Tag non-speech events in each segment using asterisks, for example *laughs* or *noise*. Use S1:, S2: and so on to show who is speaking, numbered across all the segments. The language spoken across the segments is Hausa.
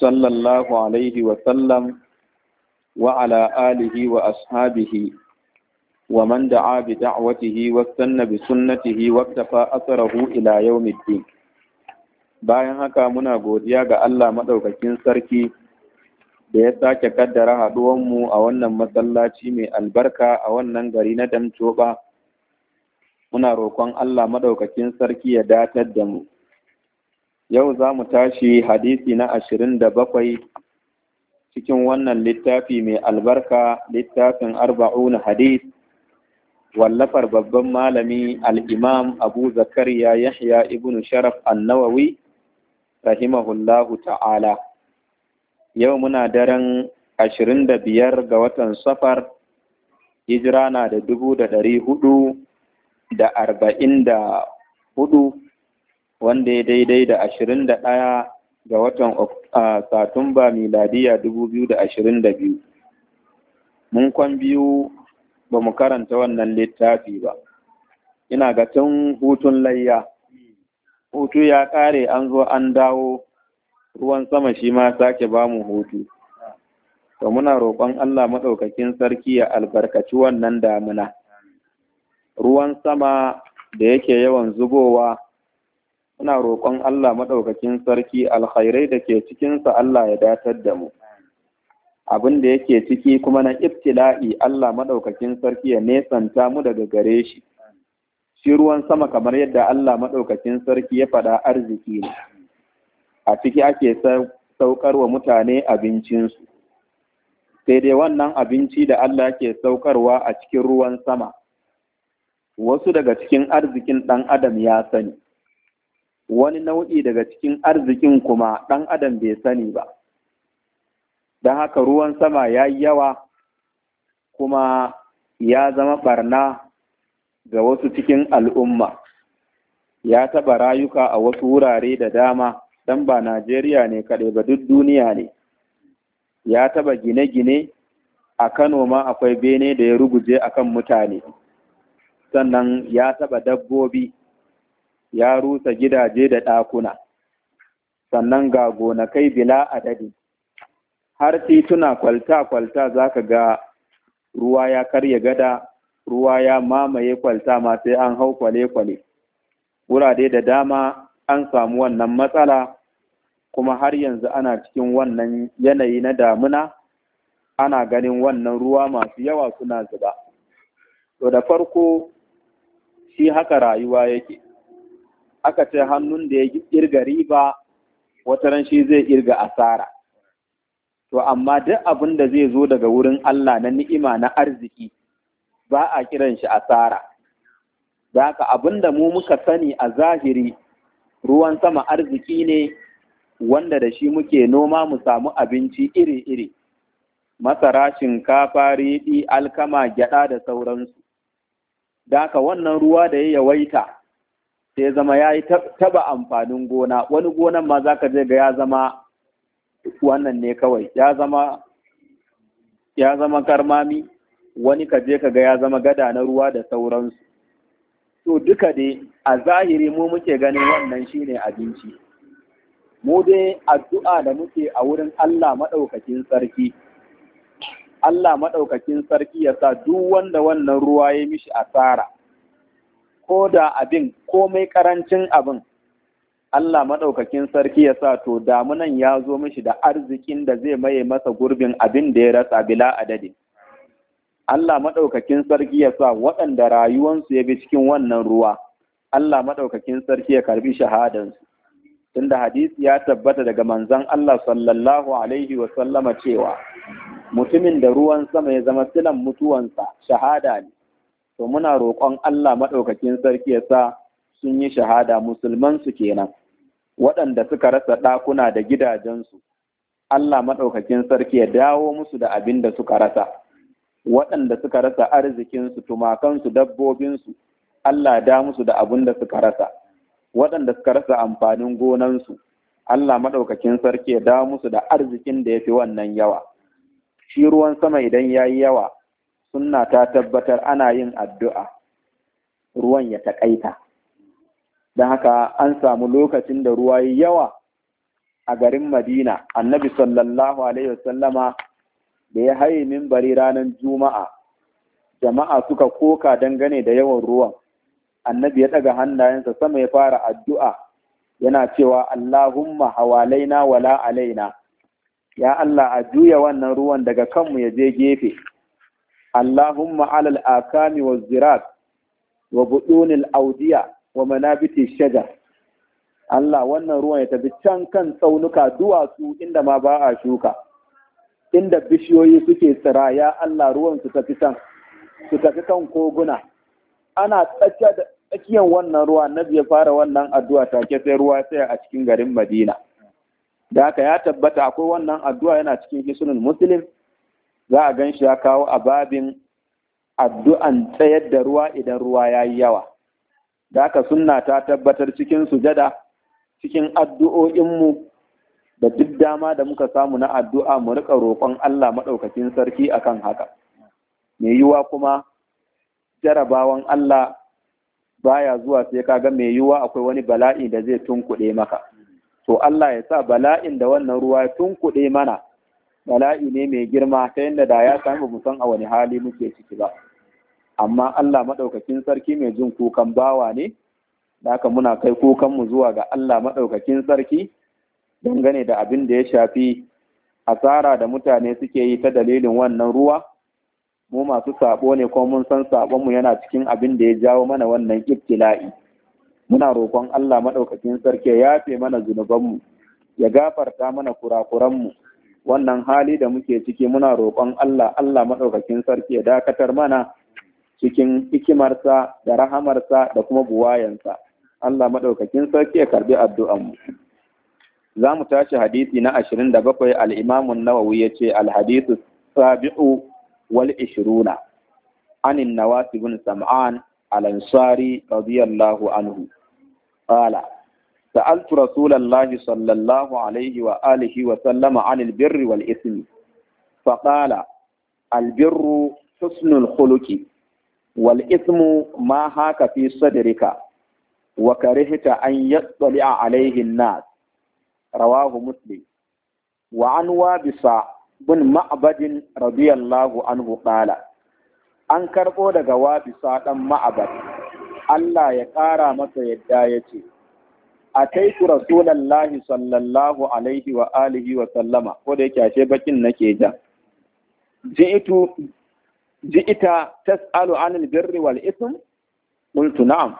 S1: صلى الله عليه وسلم وعلى آله وأصحابه ومن دعا بدعوته واستنى بسنته واكتفى أثره إلى يوم الدين bayan haka muna godiya ga Allah maɗaukakin sarki da ya sake kaddara mu a wannan masallaci mai albarka a wannan gari na damcoba muna roƙon Allah maɗaukakin sarki ya datar da mu yau za mu tashi hadisi na ashirin da bakwai cikin wannan littafi mai albarka littafin arba'un hadis wallafar babban malami al'imam abu zakariya yahya ibn sharaf annawawi rahimahullahu ta'ala yau muna daren ashirin da biyar ga watan safar hijira na da dubu da dari hudu da arba'in da hudu wanda ya daidai da ashirin da ɗaya ga watan Satumba miladiya dubu biyu da ashirin da biyu. Mun kwan biyu ba mu karanta wannan littafi ba. Ina ga tun hutun layya. Hutu ya ƙare an zo an dawo ruwan sama shi ma sake ba mu hutu. To muna roƙon Allah maɗaukakin sarki ya albarkaci wannan damuna. Ruwan sama da yake yawan zubowa Ina roƙon Allah maɗaukakin sarki alkhairai da ke cikinsa Allah ya datar da mu. Abin da yake ciki kuma na ibtila'i Allah maɗaukakin sarki ya nesanta mu daga gare shi. Shi ruwan sama kamar yadda Allah maɗaukakin sarki ya faɗa arziki ne. A ciki ake saukar wa mutane abincinsu. sai dai wannan abinci da Allah ke saukarwa a cikin ruwan sama, wasu daga cikin arzikin ɗan adam ya sani, wani nau'i daga cikin arzikin kuma ɗan adam bai sani ba don haka ruwan sama ya yi yawa kuma ya zama barna ga wasu cikin al'umma ya taɓa rayuka a wasu wurare da dama don ba najeriya ne kaɗai ba duk duniya ne ya taɓa gine-gine a kano ma akwai bene da ya ruguje akan mutane sannan ya taɓa dabbobi ya rusa gidaje da ɗakuna sannan ga gonakai bila a adadi har tituna kwalta-kwalta za ka ga ruwa ya karya gada ruwa ya mamaye kwalta ma sai an hau kwale-kwale wurare da dama an samu wannan matsala kuma har yanzu ana cikin wannan yanayi na damuna ana ganin wannan ruwa masu yawa suna zuba to da farko shi haka rayuwa yake aka ce hannun da ya irga riba ran shi zai irga asara to amma duk abin da zai zo daga wurin Allah na ni'ima na arziki ba a kiran shi asara da ka abin da mu muka sani a zahiri ruwan sama arziki ne wanda da shi muke noma mu samu abinci iri-iri masara shinkafa riɗi alkama gyaɗa da sauransu da ka wannan ruwa da ya yawaita sai zama ya yi taba amfanin gona wani gonan ma za ka je ga ya zama wannan ne kawai ya zama karmami wani ka je ka ga ya zama gada na ruwa da sauransu to duka dai a zahiri mu muke ganin wannan shine abinci mu dai addu'a da muke a wurin Allah maɗaukakin sarki Allah maɗaukakin sarki ya sa duk wanda wannan ruwa ya mishi asara ko da abin komai karancin abin Allah maɗaukakin sarki ya sa to damunan ya zo mishi da arzikin da zai maye masa gurbin abin da ya rasa bila adadi. Allah maɗaukakin sarki ya sa waɗanda rayuwansu ya bi cikin wannan ruwa, Allah maɗaukakin sarki ya karbi shahadansu. Tunda hadisi ya tabbata daga manzan Allah sallallahu alaihi wa cewa mutumin da ruwan sama ya zama silan mutuwansa shahada ne. to muna roƙon Allah maɗaukakin sarki ya sa sun yi shahada Musulmansu kenan waɗanda suka rasa ɗakuna da gidajensu Allah maɗaukakin sarki ya dawo musu da abin da suka rasa waɗanda suka rasa arzikinsu tumakansu dabbobinsu Allah da musu da abin da suka rasa waɗanda suka rasa amfanin gonansu Allah maɗaukakin sarki ya dawo musu da arzikin da ya fi wannan yawa shi ruwan sama idan ya yi yawa sunna ta tabbatar ana yin addu'a ruwan ya taƙaita don haka an samu lokacin da ruwa yi yawa a garin madina annabi sallallahu alaihi wasallama da ya haye bari ranar juma'a jama'a suka koka dangane da yawan ruwan annabi ya ɗaga hannayensa sama ya fara addu'a yana cewa allahumma hawalaina wala alaina ya allah a juya wannan ruwan daga kanmu ya je gefe اللهم على الآكام والزراعة وبطون الأودية ومنابت الشجر Allah wannan ruwan ya tafi can kan tsaunuka duwatsu inda ma ba a shuka inda bishiyoyi suke tsira ya Allah ruwan su tafi can su tafi kan koguna ana tsakiyar wannan ruwa na ya fara wannan addu'a take sai ruwa sai a cikin garin Madina da haka ya tabbata akwai wannan addu'a yana cikin hisunin Muslim za a gan shi ya kawo a babin addu'an tsayar da ruwa idan ruwa ya yi yawa. Da aka sunna ta tabbatar cikin sujada, cikin addu'o'inmu da duk dama da muka samu na addu'a mu riƙa roƙon Allah maɗaukacin sarki akan haka. Mai yiwuwa kuma jarabawan Allah baya zuwa sai ka ga mai yiwuwa akwai wani bala'i da zai tunkuɗe maka. To Allah ya sa bala'in da wannan ruwa ya tunkuɗe mana. bala'i ne mai girma ta yadda da ya sami mu san a wani hali muke ciki ba amma Allah maɗaukakin sarki mai jin kukan bawa ne da aka muna kai kukan mu zuwa ga Allah maɗaukakin sarki Don gane da abin da ya shafi asara da mutane suke yi ta dalilin wannan ruwa mu masu sabo ne ko mun san sabonmu yana cikin abin da ya jawo mana wannan ibtila'i muna roƙon Allah maɗaukakin sarki ya yafe mana zunubanmu ya gafarta mana kurakuranmu wannan hali da muke ciki muna roƙon Allah Allah maɗaukakin sarki ya dakatar mana cikin hikimarsa da rahamarsa da kuma buwayansa Allah maɗaukakin sarki ya karbi addu'anmu za mu tashi hadisi na ashirin da bakwai al'imamun nawawi yace ce alhadisu sabi'u wal An an nawasi bin sam'an al-ansari radiyallahu anhu qala sa'altu rasulallahi sallallahu alaihi wa alihi wa sallama anil birri wal ismi faqala al birru husnul khuluqi wal ismu ma haka fi sadrika wa karihta an yattali'a alaihi an-nas rawahu muslim wa an wabisa bin ma'abadin radiyallahu anhu qala an karɓo daga wabisa ɗan ma'abad Allah ya ƙara masa yadda ya ce, ataitu rasulallahi sallallahu alaihi wa wa sallama ko da yake ashe nake ja ji'ita tas'alu anil birri wal ism qultu na'am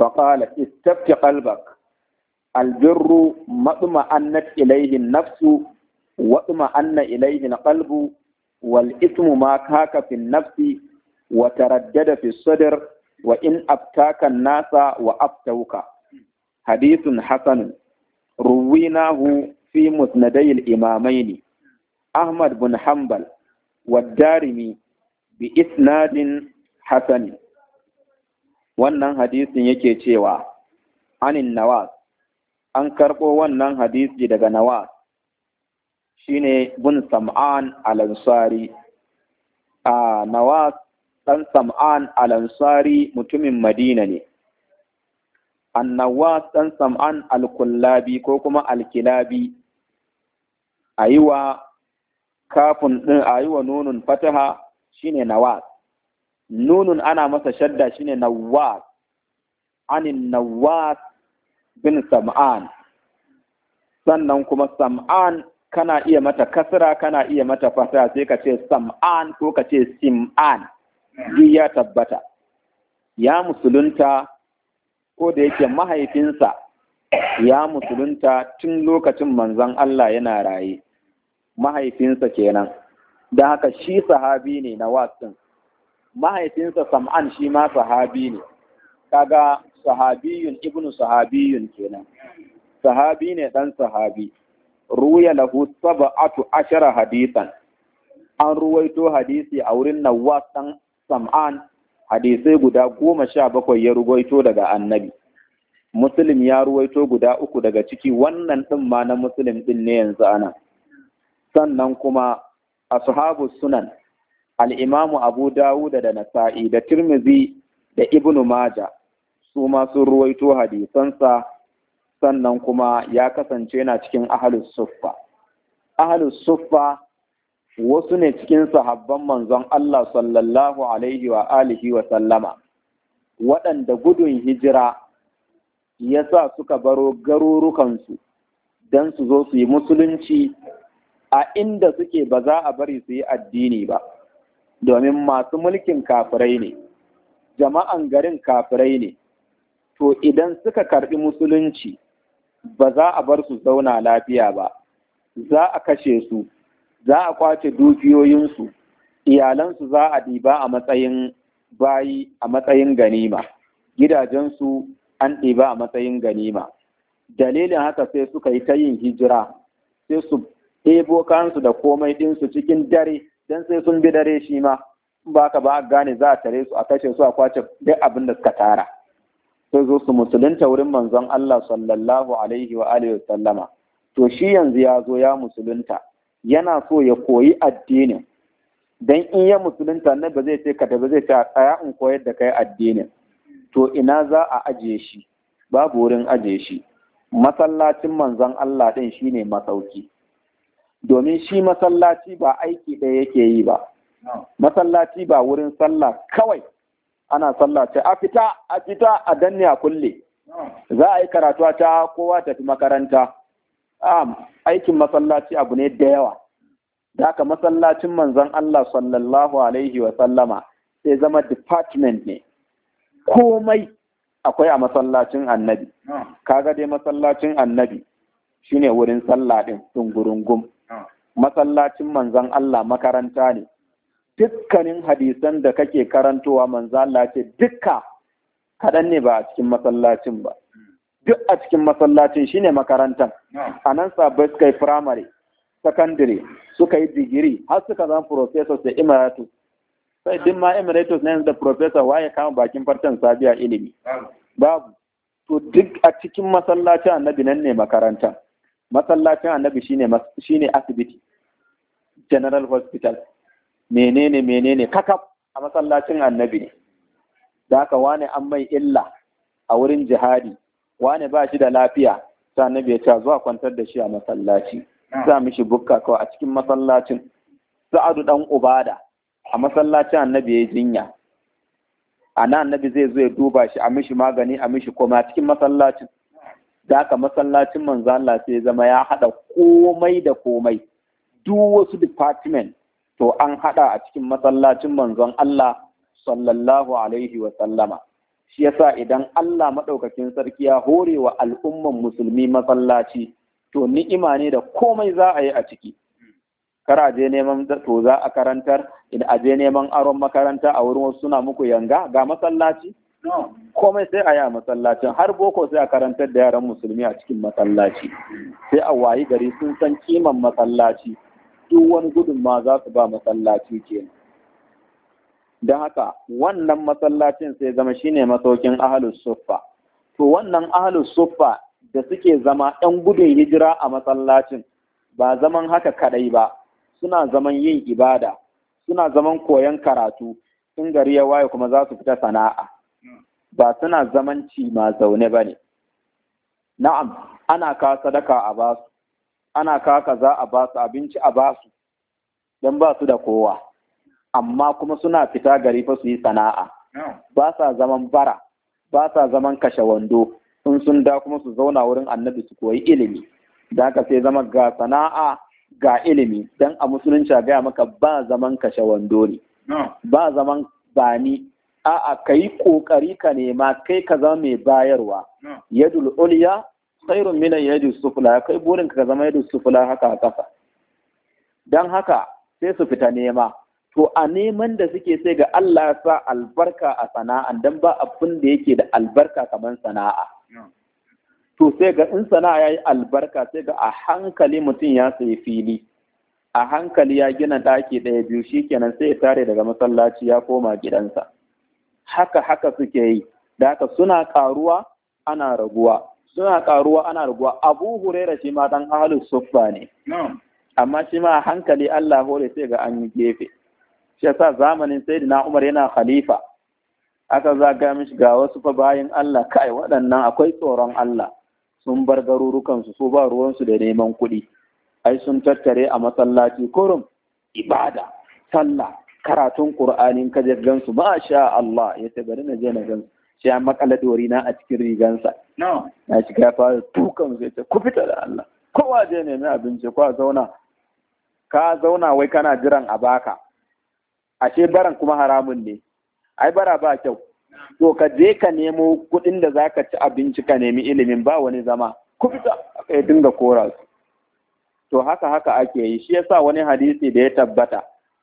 S1: fa qala istafti qalbak al birru maduma annat ilayhi nafsu wa wal ismu ma kaka fi nafsi wa taradda da sadr wa in aftaka nasa wa aftawka hadithun hasanun ruwinahu fi musnadai imamai ne. Ahmad bin Hanbal wa Darimi bi isnadin hasan wannan hadisin yake cewa anin Nawas an karɓo wannan hadisi daga Nawas shine bin Sam'an al-Ansari ah, Nawas ɗan Sam'an al mutumin Madina ne annawas ɗan sam'an alkullabi ko kuma alkilabi
S2: a
S1: kafin ɗin a yi wa nunun fataha shine nawas nunun ana masa shadda shine nawas anin nawas bin sam'an sannan kuma sam'an kana iya mata kasra kana iya mata fata sai ka ce sam'an ko ka ce sim'an duk ya tabbata ya musulunta ko da yake mahaifinsa ya musulunta tun lokacin manzan Allah yana raye mahaifinsa kenan da haka shi sahabi ne na wasan. mahaifinsa sam'an shi ma sahabi ne kaga sahabiyun ibnu sahabiyun kenan sahabi ne dan sahabi ruya lahu sab'atu ashara hadisan an ruwaito hadisi a wurin Nawas dan Sam'an hadisai guda goma sha bakwai ya ruwaito daga annabi muslim ya ruwaito guda uku daga ciki wannan ɗin ma na muslim ɗin ne yanzu ana sannan kuma ashabu sunan al'imamu abu dawuda da nasa'i da tirmizi da ibnu maja su ma sun ruwaito hadisansa sannan kuma ya kasance na cikin ahalus suffa ahalus wasu ne cikin sahabban manzon Allah sallallahu alaihi wa alihi wa sallama waɗanda gudun hijira ya sa suka baro garurukansu don su zo su yi musulunci a inda suke ba za a bari su yi addini ba domin masu mulkin kafirai ne jama'an garin kafirai ne to idan suka karbi musulunci ba za a bar su zauna lafiya ba za a kashe su za a kwace dukiyoyinsu iyalansu za a ɗiba a matsayin bayi a matsayin ganima gidajensu an ɗiba a matsayin ganima dalilin haka sai suka yi ta yin hijira sai su ɗebo kansu da komai ɗinsu cikin dare don sai sun bi dare shi ma ba ka ba a gane za a tare su a kashe su a kwace duk abin da suka tara sai zo su musulunta wurin manzon Allah sallallahu alaihi wa alihi to shi yanzu ya zo ya musulunta yana so ya koyi addinin don in ya musulunta na ba zai ce ka ba zai ce a tsaya in koyar da kai addinin to ina za a ajiye shi babu wurin ajiye shi masallacin manzon Allah ɗin shine masauki domin shi masallaci ba aiki ɗaya yake yi ba masallaci ba wurin sallah kawai ana sallah ce a fita a fita a danne a kulle za a yi karatu ta kowa tafi makaranta aikin masallaci abu ne da yawa daka masallacin manzan Allah sallallahu alaihi wasallama sai zama department ne komai akwai a masallacin annabi ah. kaga dai masallacin annabi shine wurin sallah sun dungurungum ah. masallacin manzan Allah makaranta ne dukkanin hadisan da kake karantowa manzan Allah ce dukka kaɗan ne ba a cikin masallacin ba duk a cikin masallacin shine makarantar a nan sabai suka yi firamare sakandare suka yi digiri har suka zama professors da emiratus sai din ma emiratus na yanzu da professor waye kama bakin farcen sabiya ilimi babu to duk a cikin masallacin annabi nan ne makaranta. masallacin annabi shine shine asibiti general hospital menene menene kakaf a masallacin annabi ne da haka wane an mai illa a wurin jihadi wani ba shi da lafiya sai nabi ya zuwa kwantar da shi a masallaci sa mishi bukka kawai a cikin masallacin sa'adu dan ubada a masallaci annabi ya jinya a annabi zai zo ya duba shi a mishi magani a mishi koma cikin masallacin da aka masallacin manzo Allah sai zama ya hada komai da komai duk wasu department to an hada a cikin masallacin manzon Allah sallallahu alaihi wa sallama shi yasa idan Allah maɗaukakin sarki ya hore wa al'umman musulmi masallaci to ni'ima ne da komai za a yi a ciki kar a je neman to za a karantar in a je neman aron makaranta a wurin wasu suna muku yanga ga masallaci komai sai a yi a masallacin har boko sai a karantar da yaran musulmi a cikin masallaci sai a wayi gari sun san kiman masallaci duk wani gudun za su ba masallaci kenan don haka wannan masallacin sai zama shine masaukin ahlus suffa to wannan ahlus suffa da suke zama ɗan gudun hijira a masallacin ba zaman haka kadai ba suna zaman yin ibada suna zaman koyon karatu in gari ya waye kuma za su fita sana'a ba suna zaman ci ma zaune ba ne na'am ana ka sadaka a basu ana ka kaza a basu abinci a basu don ba su da kowa amma kuma suna fita gari fa su yi sana'a ba sa zaman bara ba sa zaman kashe wando in sun da kuma su zauna wurin annabi su koyi ilimi da haka sai zama ga sana'a ga ilimi dan a musulunci a gaya maka ba zaman kashe wando ne ba zaman bani a'a ka yi ƙoƙari ka nema kai ka zama mai bayarwa yadul uliya khairun minan yadul sufula kai burin ka zama yadul sufula haka a ƙasa don haka sai su fita nema to a neman da suke sai ga Allah ya sa albarka a sana'a dan ba abin da yake da albarka kamar sana'a to sai ga in sana'a yayi albarka sai ga a hankali mutum ya sayi fili a hankali ya gina ɗaki ɗaya biyu shikenan sai ya tare daga masallaci ya koma gidansa haka haka suke yi da haka suna karuwa ana raguwa suna karuwa ana raguwa abu hurera shi ma dan ahlus suffa ne amma shi ma hankali Allah hore sai ga an yi gefe shi yasa zamanin na Umar yana khalifa aka zaga mishi ga wasu fa bayan Allah kai waɗannan akwai tsoron Allah sun bar garurukansu su ba ruwansu da neman kuɗi ai sun tattare a masallaci kurum ibada sallah karatun qur'anin ka su? ma sha Allah ya ce bari na je na gansu sai ya makala dori na a cikin rigansa na shiga ya fa dukan sai ta ku fita da Allah kowa je na abinci ko zauna ka zauna wai kana jiran a baka ashe baran kuma haramun ne ai bara ba kyau to ka je ka nemo kuɗin da za ka ci abinci ka nemi ilimin ba wani zama ku fita aka yi dinga kora to haka haka ake yi shi yasa wani hadisi da ya tabbata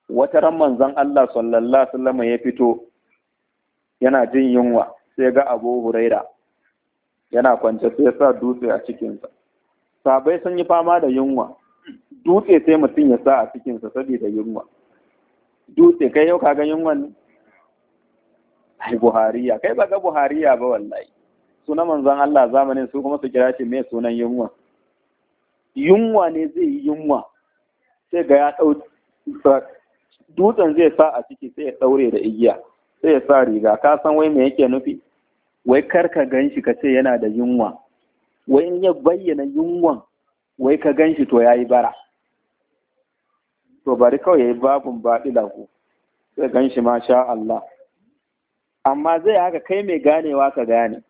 S1: wata ran manzon Allah sallallahu alaihi ya fito yana jin yunwa sai ga Abu Huraira yana kwance sai sa dutse a cikinsa sabai sun yi fama da yunwa dutse sai mutum ya sa a cikinsa saboda yunwa dutse kai yau ka ga yunwan ai buhariya kai ba ga buhariya ba wallahi sunan manzon Allah zamanin su kuma su kira shi mai sunan yunwa yunwa ne zai yi yunwa sai ga ya dau dutsen zai sa a ciki sai ya daure da igiya sai ya sa riga ka san wai me yake nufi wai kar ka ganshi ka ce yana da yunwa wai in ya bayyana yunwan wai ka ganshi to yayi bara to bari kawai ya yi babun baɗi ku zai gan shi masha Allah amma zai haka kai mai ganewa ka gane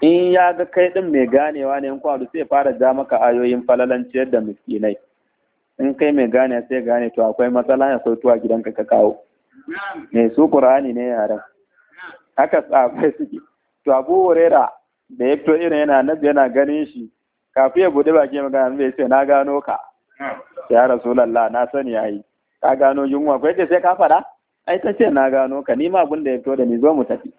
S1: in ya ga kai ɗin mai ganewa ne in kwado sai fara ja maka ayoyin falalanciyar da miskinai in kai mai gane sai gane to akwai matsala ya sautu a gidanka ka kawo mai su qur'ani ne yaren? haka tsafai suke to abu hurera da ya fito irin yana nabi yana ganin shi kafin ya buɗe baki magana bai ce na gano ka ya rasulallah na sani yayi ka gano yunwa ko yace sai ka faɗa ai ta ce na gano ka nima abin da ya fito da ni zo mu tafi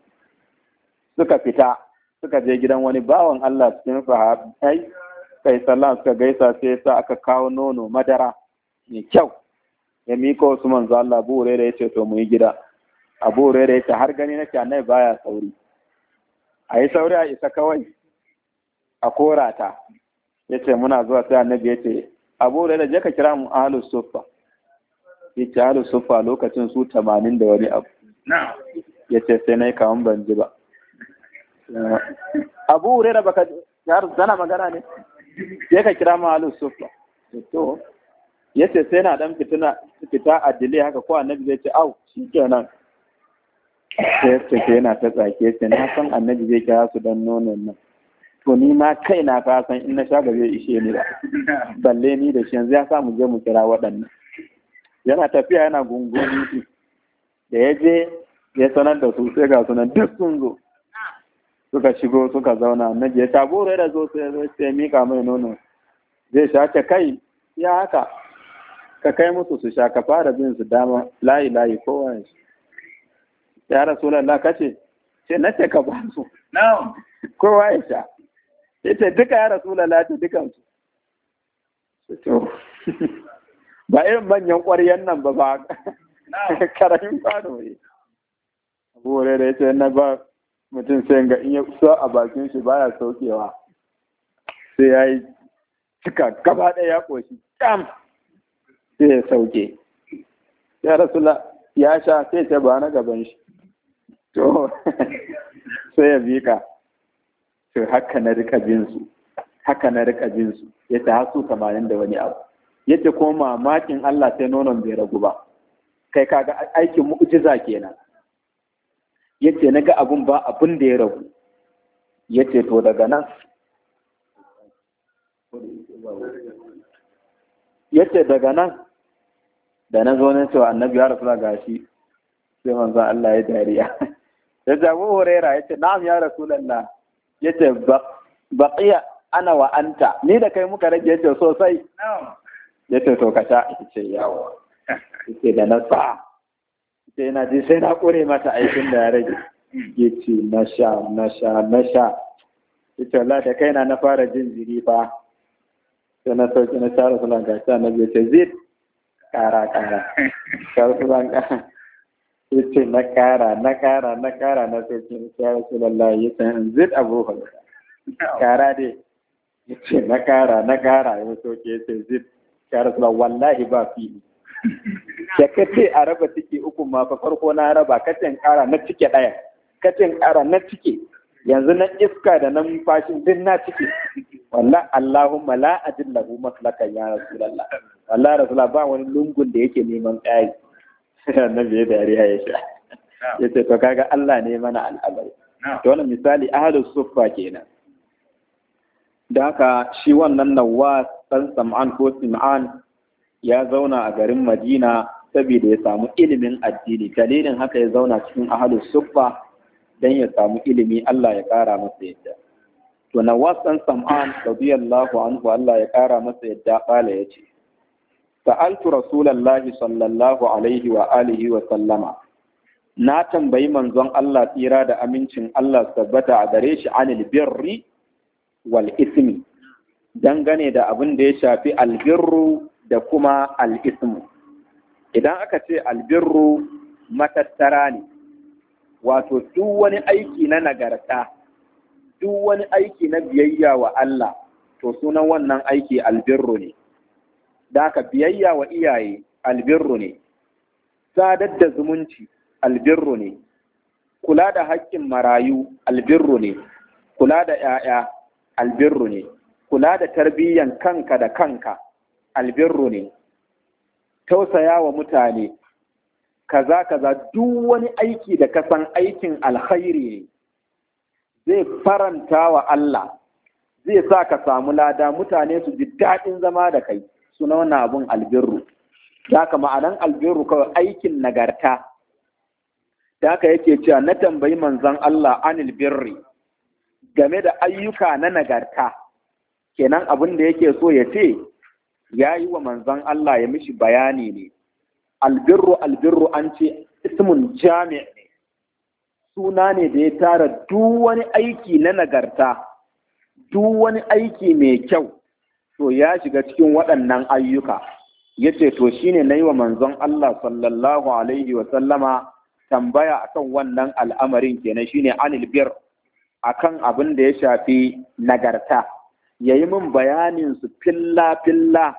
S1: suka fita suka je gidan wani bawan Allah cikin sahabbai kai sallah suka gaisa sai sa aka kawo nono madara mai kyau ya miko su manzo Allah Abu Hurairah yace to mu yi gida Abu Hurairah yace har gani nake annabi baya sauri a sauri a isa kawai a korata yace muna zuwa sai annabi yace abu da je ka kira mu ahlus suffa yace ahlu suffa lokacin su tamanin da wani abu na'am yace sai nayi kawun ban ji ba eh, abu da baka yar zana magana ne sai ka kira mu ahlus suffa to yace sai na dan fitina fita a dile haka ko annabi zai ce au shikenan sai yace yana ta tsake sai na san annabi zai kira su dan nonon nan to ni ma kai na kasan in na sha ga zai ishe ni ba balle ni da shi yanzu ya sa mu je mu kira waɗannan yana tafiya yana gungumi da ya je ya sanar da su sai ga sunan duk sun zo suka shigo suka zauna na je ta bore da zo sai zo sai mika mai nono zai sha ta kai ya haka ka kai musu su sha ka fara bin su dama layi layi kowa ya ya rasulullah kace ce na ce ka ba su kowa ya sha sai ce duka ya rasu lalata dukansu to ba irin manyan ƙwaryen nan ba ba karamin kwano ne abu wurin da ya ce na ba mutum sai ga in ya kusa a bakin shi baya saukewa sai ya yi cika gaba ɗaya ya ƙoshi cam sai ya sauke ya rasula ya sha sai ta ba na gaban shi to *laughs* sai ya bi ka to haka na rika jin su haka na rika jin su yace har su 80 da wani abu yace ko mamakin Allah sai nonon bai ragu ba kai kaga aikin mu'jiza kenan yace naga abun ba abun da ya ragu yace to daga nan yace daga nan da na zo nan cewa annabi ya rasu ga shi sai manzo Allah ya dariya *laughs* ya jago horera yace na'am ya rasulullah yace baqiya ana wa anta ni da kai muka rage yace sosai yace to ka sha yace yawo yace da na sa yace na ji sai na kure mata aikin da ya rage yace na sha na sha na sha yace wallahi da kaina na fara jin jiri fa sai na sauki na tsara sunan gashi na yace zid kara kara sai sunan sai ce na kara na kara na kara na sai ce ya rasu lallahi ya san zid abu hulka kara dai ya ce na kara na kara ya soke ya ce zid ya rasu wallahi ba fili da ka ce a raba ciki uku ma fa farko na raba kacin kara na cike ɗaya kacin kara na cike yanzu na iska da nan fashin din na cike walla Allahumma la ajillahu maslaka ya rasulullah wallahi rasulullah ba wani lungun da yake neman tsari annabi ya dariya ya sha ya ce to kaga Allah ne mana al'amari to wannan misali ahlus suffa kenan da haka shi wannan nawas san sam'an ko sim'an ya zauna a garin madina saboda ya samu ilimin addini dalilin haka ya zauna cikin Ahlus suffa dan ya samu ilimi Allah ya ƙara masa yadda to nawas san sam'an radiyallahu anhu Allah ya kara masa yadda kala ya ce sa'altu rasulallahi sallallahu alaihi wa alihi wa sallama na tambayi manzon Allah tsira da amincin Allah tabbata a gare shi anil birri wal ismi dangane da abin da ya shafi albirru da kuma al'ismu idan aka ce albirru matattara ne wato duk wani aiki na nagarta duk wani aiki na biyayya wa Allah to sunan wannan aiki albirru ne da biyayya wa iyaye albirru ne sadar da zumunci albirru ne kula da haƙƙin marayu albirru ne kula da 'ya'ya albirru ne kula da tarbiyyan kanka da kanka albirru ne tausaya wa mutane kaza kaza duk wani aiki da ka san aikin alkhairi ne zai faranta wa Allah zai sa ka samu lada mutane su ji daɗin zama da kai suna wannan abun albirru da haka ma'anan albirru kawai aikin nagarta da haka yake cewa na tambayi manzon Allah anil birri game da ayyuka na nagarta kenan abin da yake so ya ce ya yi wa manzon Allah ya mishi bayani ne albirru albirru an ce ismun jami' ne suna ne da ya tara duk wani aiki na nagarta duk wani aiki mai kyau to ya shiga cikin waɗannan ayyuka ya ce to shine yi wa manzon Allah sallallahu alaihi wa sallama tambaya akan wannan al'amarin kenan shine anil bir akan abin da ya shafi nagarta ya yi min bayanin su filla filla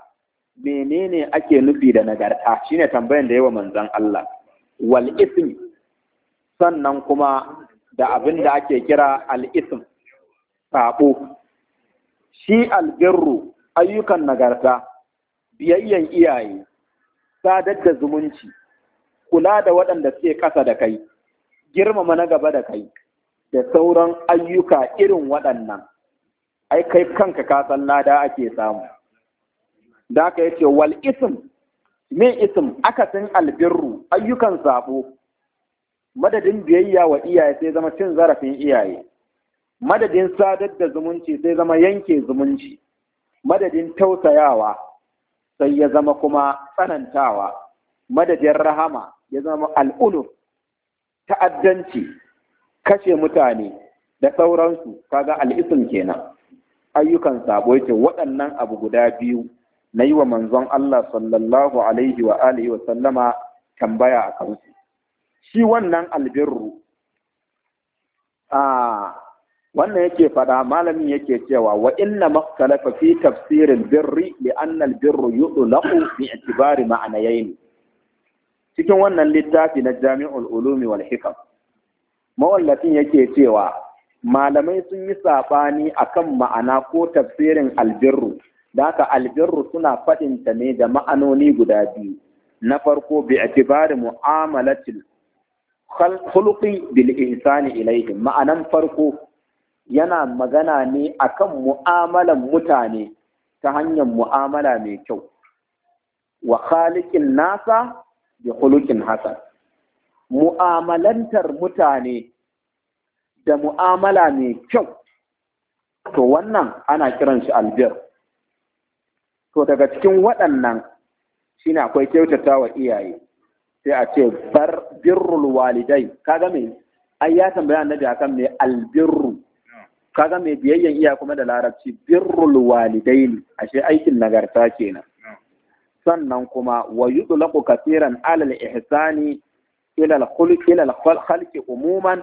S1: menene ake nufi da nagarta shine tambayan da yiwa manzon Allah wal ism sannan kuma da abin da ake kira al ism sabo shi albirru ayyukan nagarta biyayyen iyaye sadar da zumunci kula da waɗanda suke ƙasa da kai girmama na gaba da kai da sauran ayyuka irin waɗannan ai kai kanka kasan lada ake samu da aka yace wal ism min ism akasin albirru ayyukan sabo madadin biyayya wa iyaye sai zama cin zarafin iyaye madadin sadar da zumunci sai zama yanke zumunci madadin tausayawa sai ya zama kuma tsanantawa madadin rahama ya zama al'ulu ta'addanci kashe mutane da sauransu kaga al'isun kenan ayyukan sabo yake waɗannan abu guda biyu na yi wa manzon Allah sallallahu alaihi wa alihi wa sallama tambaya a kansu shi wannan albirru a wannan yake fada malamin yake cewa wa inna makhtalafa fi tafsirin birri li anna albirru yudlaqu bi i'tibari ma'anayayn cikin wannan littafi na Jami'ul Ulumi wal Hikam mawallafin yake cewa malamai sun yi sabani akan ma'ana ko tafsirin albirru da albirru suna faɗin ta ne da ma'anoni guda biyu na farko bi i'tibari mu'amalatil khuluqi bil ihsani ilayhim ma'anan farko yana magana ne akan mu'amalan mutane ta hanyar mu'amala mai kyau wa khaliqin nasa bi khuluqin hasan mu'amalantar mutane da mu'amala mai kyau to wannan ana kiran shi albir to daga cikin waɗannan shine akwai kyautatawa iyaye sai a ce bar birrul walidai kaga me ai ya tambaya annabi akan mai albirru kaga mai biyayyan iya kuma da larabci birrul walidaini ashe aikin nagarta kenan sannan kuma wa yudlaqu katiran alal ihsani ila al-khulqi ila al-khalqi umuman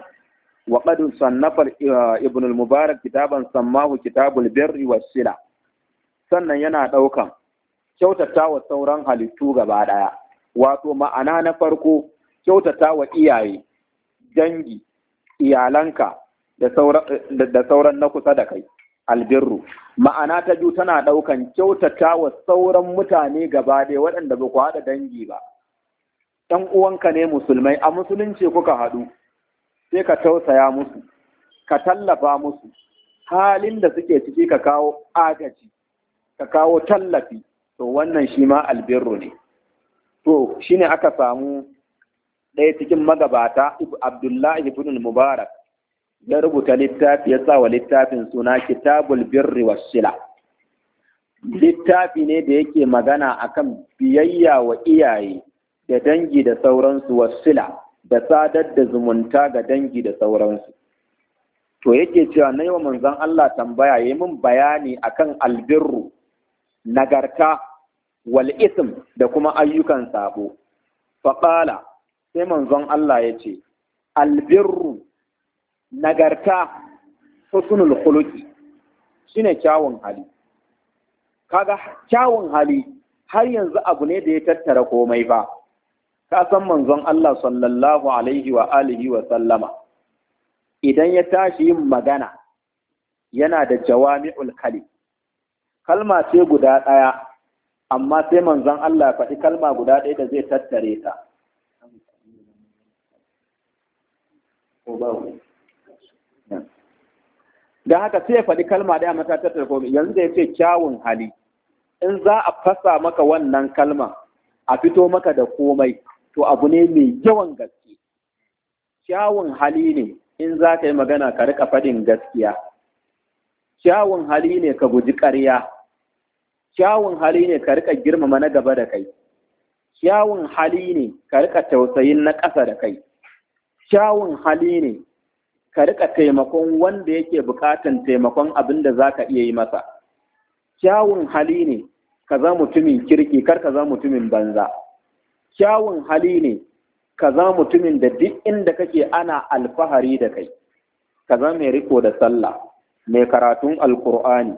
S1: wa qad sannafa eh, ibn al-mubarak kitaban sammahu kitabul birri was-sila sannan yana daukan kyautata wa sauran halittu gaba daya wato ma'ana na farko kyautata wa iyaye dangi iyalanka da sauran na kusa da kai albirru ma'ana ta biyu tana ɗaukan kyautata wa sauran mutane gaba ɗaya waɗanda ba ku haɗa dangi ba ɗan uwanka ne musulmai a musulunci kuka haɗu sai ka tausaya musu ka tallafa musu halin da suke ciki ka kawo agaji ka kawo tallafi to wannan shi ma albirru ne to shine aka samu ɗaya cikin magabata abdullahi ibn mubarak ya rubuta littafi ya sa wa littafin suna kitabul birri wasila sila littafi ne da yake magana akan biyayya wa iyaye da dangi da sauransu wasila sila da sadar da zumunta ga dangi da sauransu to yake cewa na yi wa manzon Allah tambaya ya min bayani akan albirru nagarta wal ism da kuma ayyukan sabo Faƙala, sai manzon Allah ya ce albirru nagarta husnul khuluqi shine kyawun hali kaga kyawun hali har yanzu abu ne da ya tattara komai ba ka san manzon Allah sallallahu alaihi wa alihi wa sallama idan ya tashi yin magana yana da jawami'ul kalim kalma ce guda ɗaya amma sai manzon Allah faɗi kalma guda ɗaya da zai tattare ta Da haka sai ya faɗi kalma ɗaya matatar da komai yanzu da ya ce kyawun hali in za a fasa maka wannan kalma a fito maka da komai to abu ne mai yawan gaske kyawun hali ne in za ka yi magana ka rika faɗin gaskiya kyawun hali ne ka guji ƙarya kyawun hali ne ka rika girmama na gaba da kai kyawun hali ne ka rika tausayin na ƙasa da kai kyawun hali ne ka rika taimakon wanda yake bukatan taimakon abin da za ka iya yi masa kyawun hali ne ka za mutumin kirki kar ka za mutumin banza kyawun hali ne ka za mutumin da duk inda kake ana alfahari da kai ka za mai riko da sallah mai karatun alkur'ani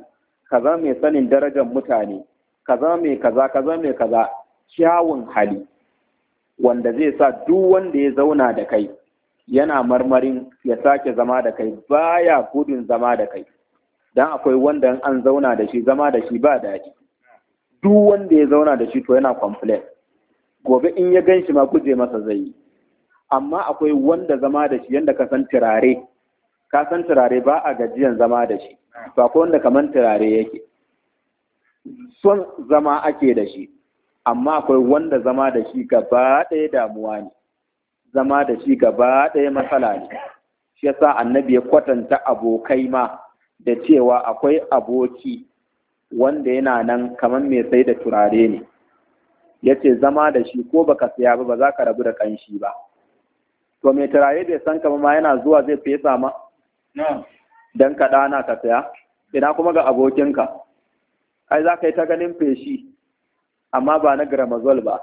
S1: ka za mai sanin darajar mutane ka za mai kaza ka za mai kaza kyawun hali wanda zai sa duk wanda ya zauna da kai yana marmarin ya sake zama da kai baya gudun zama da kai dan akwai wanda an zauna da shi zama da shi ba daɗi duk wanda ya zauna da shi to yana complain gobe in ya gan shi ma guje masa zai yi amma akwai wanda zama da shi yanda ka san turare ka san turare ba a gajiyan zama da shi ba ko wanda kaman turare yake son zama ake da shi amma akwai wanda zama da shi gaba ɗaya damuwa ne zama da shi gaba ɗaya matsala ne shi yasa annabi ya kwatanta abokai ma da cewa akwai aboki wanda yana nan kamar mai sai da turare ne ya ce zama da shi ko baka saya ba ba za ka rabu da ƙanshi ba to mai turare bai san kama ma yana zuwa zai fesa ma don ka ɗana ka saya ina kuma ga abokinka ai za ka yi ta ganin feshi amma ba na gramazol ba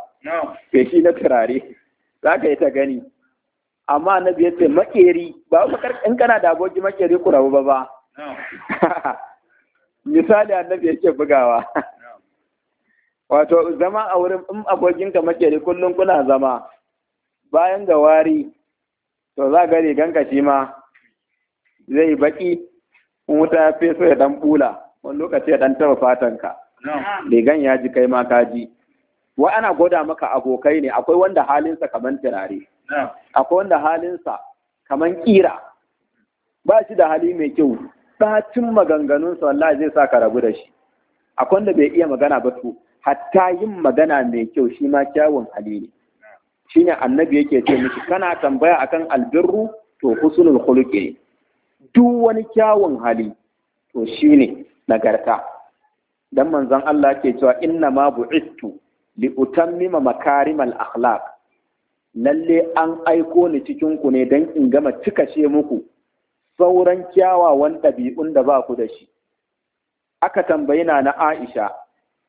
S1: feshi na turare za ka yi ta gani amma na biyar ce makeri ba in kana da aboki makeri ku rabu ba ba *laughs* misali annabi yake bugawa wato zama a wurin in abokinka makeri kullum kuna zama bayan ga wari to za ga riganka shi ma zai baki in wuta ya feso ya dan bula wani lokaci ya dan taba fatanka rigan ya ji kai ma ka ji wa ana gwada maka abokai ne akwai wanda halinsa kaman turare akwai wanda halinsa kaman kira ba shi da hali mai kyau ɗacin maganganunsa wallahi zai sa ka rabu da shi akwai wanda bai iya magana ba su hatta yin magana mai kyau shi ma kyawun hali ne Shi ne annabi yake ce miki kana tambaya akan albirru to husnul khuluqi duk wani kyawun hali to shine nagarta dan manzon Allah ke cewa inna ma bu'ittu li utammima makarimal akhlaq lalle an aiko ni cikin ku ne dan in gama cikace muku sauran kyawawan ɗabi'un da ba ku da shi aka tambayi na na Aisha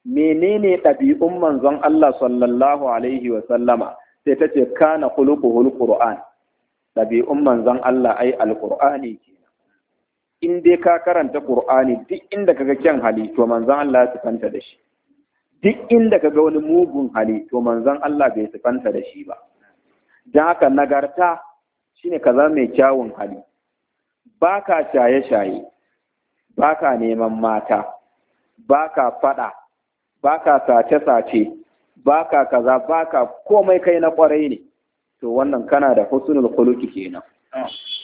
S1: menene ɗabi'un manzon Allah sallallahu alaihi wa sallama sai ta ce kana khuluquhul qur'an ɗabi'un manzon Allah ai alqur'ani kenan in dai ka karanta qur'ani duk inda kaga kyan hali to manzon Allah ya tsanta da shi duk inda ka ga wani mugun hali to manzon Allah bai sifanta da shi ba don haka nagarta shine kaza mai kyawun hali baka shaye-shaye baka neman mata baka fada baka sace-sace baka kaza baka komai kai na kwarai ne to wannan kana da husnul khuluqi kenan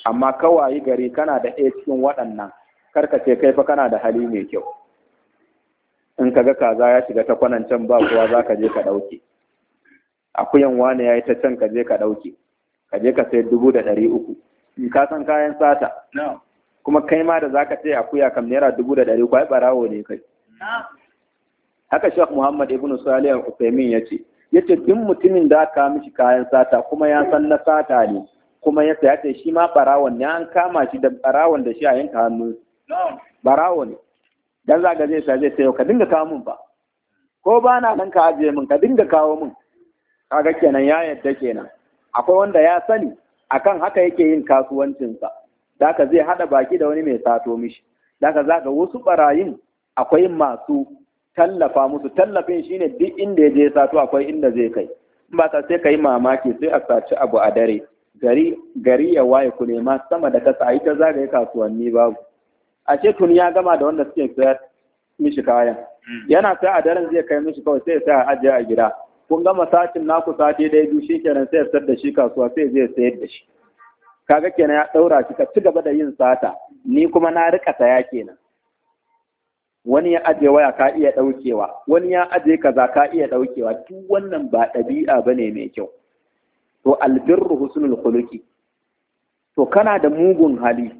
S1: amma kawai gari kana da ɗaya cikin waɗannan karka ce kai fa kana da hali mai kyau in ka ga kaza ya shiga ta kwanan can ba kuwa za ka je ka ɗauke akuyan wane ya yi ta can ka je ka ɗauke ka je ka sai dubu da ɗari uku in ka san kayan sata kuma kai ma da za ka ce akuya kam naira dubu da ɗari kwai ɓarawo ne kai haka shek muhammad ibn salih al-usaimin ya ce ya ce duk mutumin da aka mishi kayan sata kuma ya san na sata ne kuma ya ya ce shi ma ɓarawon ne an kama shi da ɓarawon da shi a yanka hannu ɓarawo ne dan za ka zai sa zai sayo ka dinga kawo min ba ko ba na nan ka ajiye min ka dinga kawo min kaga kenan ya yadda kenan akwai wanda ya sani akan haka yake yin kasuwancinsa da ka zai haɗa baki da wani mai sato mishi da ka zaga wasu barayin akwai masu tallafa musu tallafin shine duk inda ya je sato akwai inda zai kai in ba ka sai ka yi mamaki sai a saci abu a dare gari gari ya waye kulema sama da kasa a yi ta zagaye kasuwanni babu a ce tun ya gama da wanda suke sayar mishi kayan hmm. yana sai a daren zai kai mishi kawai sai sai a ajiye a gida kun gama satin naku sati dai biyu shi kenan sai sayar da shi kasuwa sai zai sayar da shi kaga kenan ya daura shi ka ci gaba da yin sata ni kuma na rika saya kenan wani ya ajiye waya ka iya ɗaukewa wani ya ajiye kaza ka iya ɗaukewa duk wannan ba ɗabi'a bane mai kyau to albirru husnul khuluqi to kana da mugun hali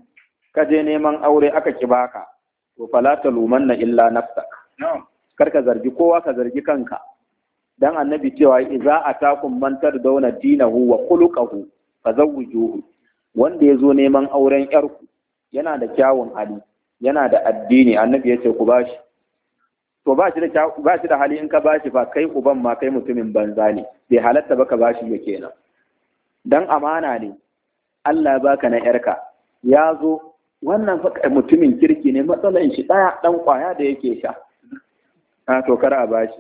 S1: ka je neman aure aka ki baka to fala lumanna illa nafsa kar ka zargi kowa ka zargi kanka dan annabi cewa idza atakum man tardawna dinahu wa khuluquhu fazawwijuhu wanda ya zo neman auren yarku yana da kyawun hali yana da addini annabi ya ce ku bashi to ba shi da ba da hali in ka bashi ba kai uban ma kai mutumin banza ne bai halatta ba ka bashi ya kenan dan amana ne Allah ya baka na yarka ya zo wannan fa mutumin kirki ne matsalan shi ɗaya ɗan ƙwaya da yake sha a to kara a bashi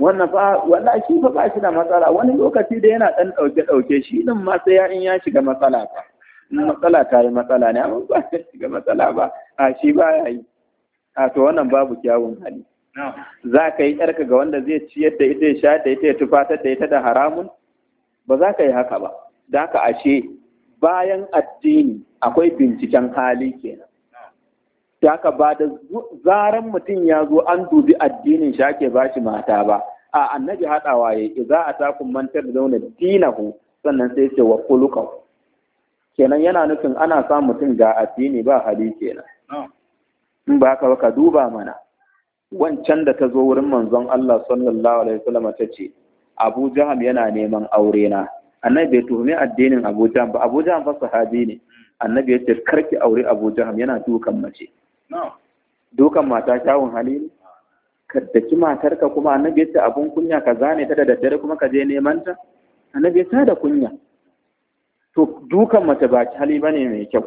S1: wannan fa wallahi shi fa ba shi da matsala wani lokaci da yana ɗan ɗauke ɗauke shi din ma sai ya in ya shiga matsala fa matsala ta yi matsala ne amma ba shi shiga matsala ba a shi ba ya yi a to wannan babu kyawun hali za ka yi ƴarka ga wanda zai ciyar da ita ya sha da ita ya tufatar da ita da haramun ba za ka yi haka ba da haka ashe bayan addini akwai binciken hali kenan ta ka ba da zaran mutum ya zo an dubi addinin shi ake ba shi mata ba a annabi haɗawa ya yi za a takun mantar da zaune dinahu sannan sai ce wa kulukan kenan yana nufin ana sa mutum ga addini ba hali kenan in ba ka ka duba mana wancan da ta zo wurin manzon Allah sallallahu alaihi wasallam ta ce Abu Jahal yana neman aure na annabi bai tuhumi addinin Abu Jahm ba Abu Jahm fa sahabi ne annabi yace karki aure Abu Jahm yana dukan mace dukan mata kyawun hali ne ki daki matarka kuma annabi yace abun kunya ka zane ta da daddare kuma ka je neman ta annabi ya tada kunya to dukan mace ba hali bane mai kyau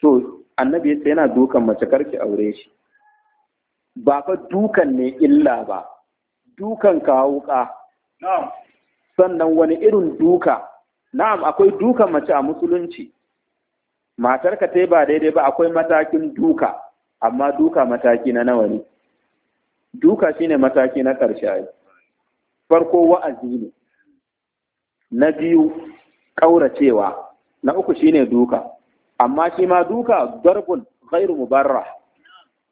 S1: to annabi yace yana dukan mace karki aure shi ba fa dukan ne illa ba dukan kawuka ka sannan wani irin duka na'am akwai duka mace a musulunci matarka ta ba daidai ba akwai matakin duka amma duka mataki na nawa ne duka shine mataki na ƙarshe farko wa'azi ne na biyu ƙauracewa na uku shine duka amma shi ma duka darbun ghairu mubarra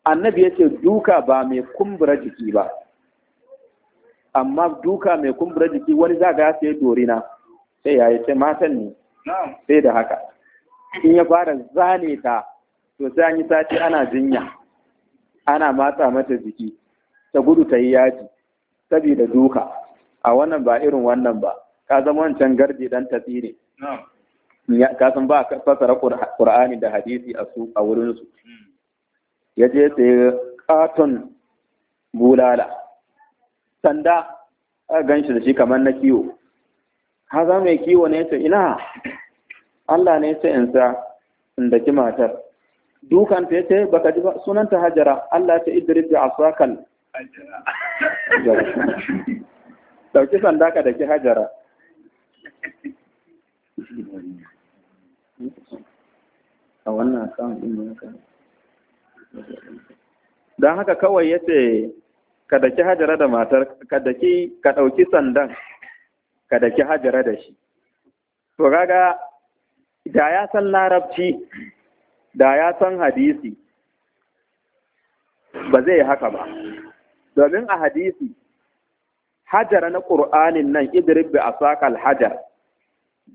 S1: annabi yace duka ba mai kumbura jiki ba amma duka mai kumbura jiki wani za ga ya sai dorina sai ya yi matan ne sai da haka in ya fara zane ta to sai an yi sati ana jinya ana matsa mata jiki ta gudu ta yi yaji saboda duka a wannan ba irin wannan ba ka zama wancan gardi dan tsire. ka san ba fasara qur'ani da hadisi a su a wurin su hmm. yaje sai katon bulala sanda a gan shi da shi kamar na kiwo haza mai kiwo ne ta ina Allah ne ta in sa in ki matar dukan ta yace baka ji ba sunanta hajara Allah ta idris da asakal dauki sanda ka da ki hajara a wannan kan din ne don haka kawai yace ka daki hajara da matar ka daki ka ɗauki sandan ka daki hajara da shi to kaga da ya san larabci da ya san hadisi ba zai haka ba domin a hadisi hajara na ƙur'anin nan idrib bi asaqal hajar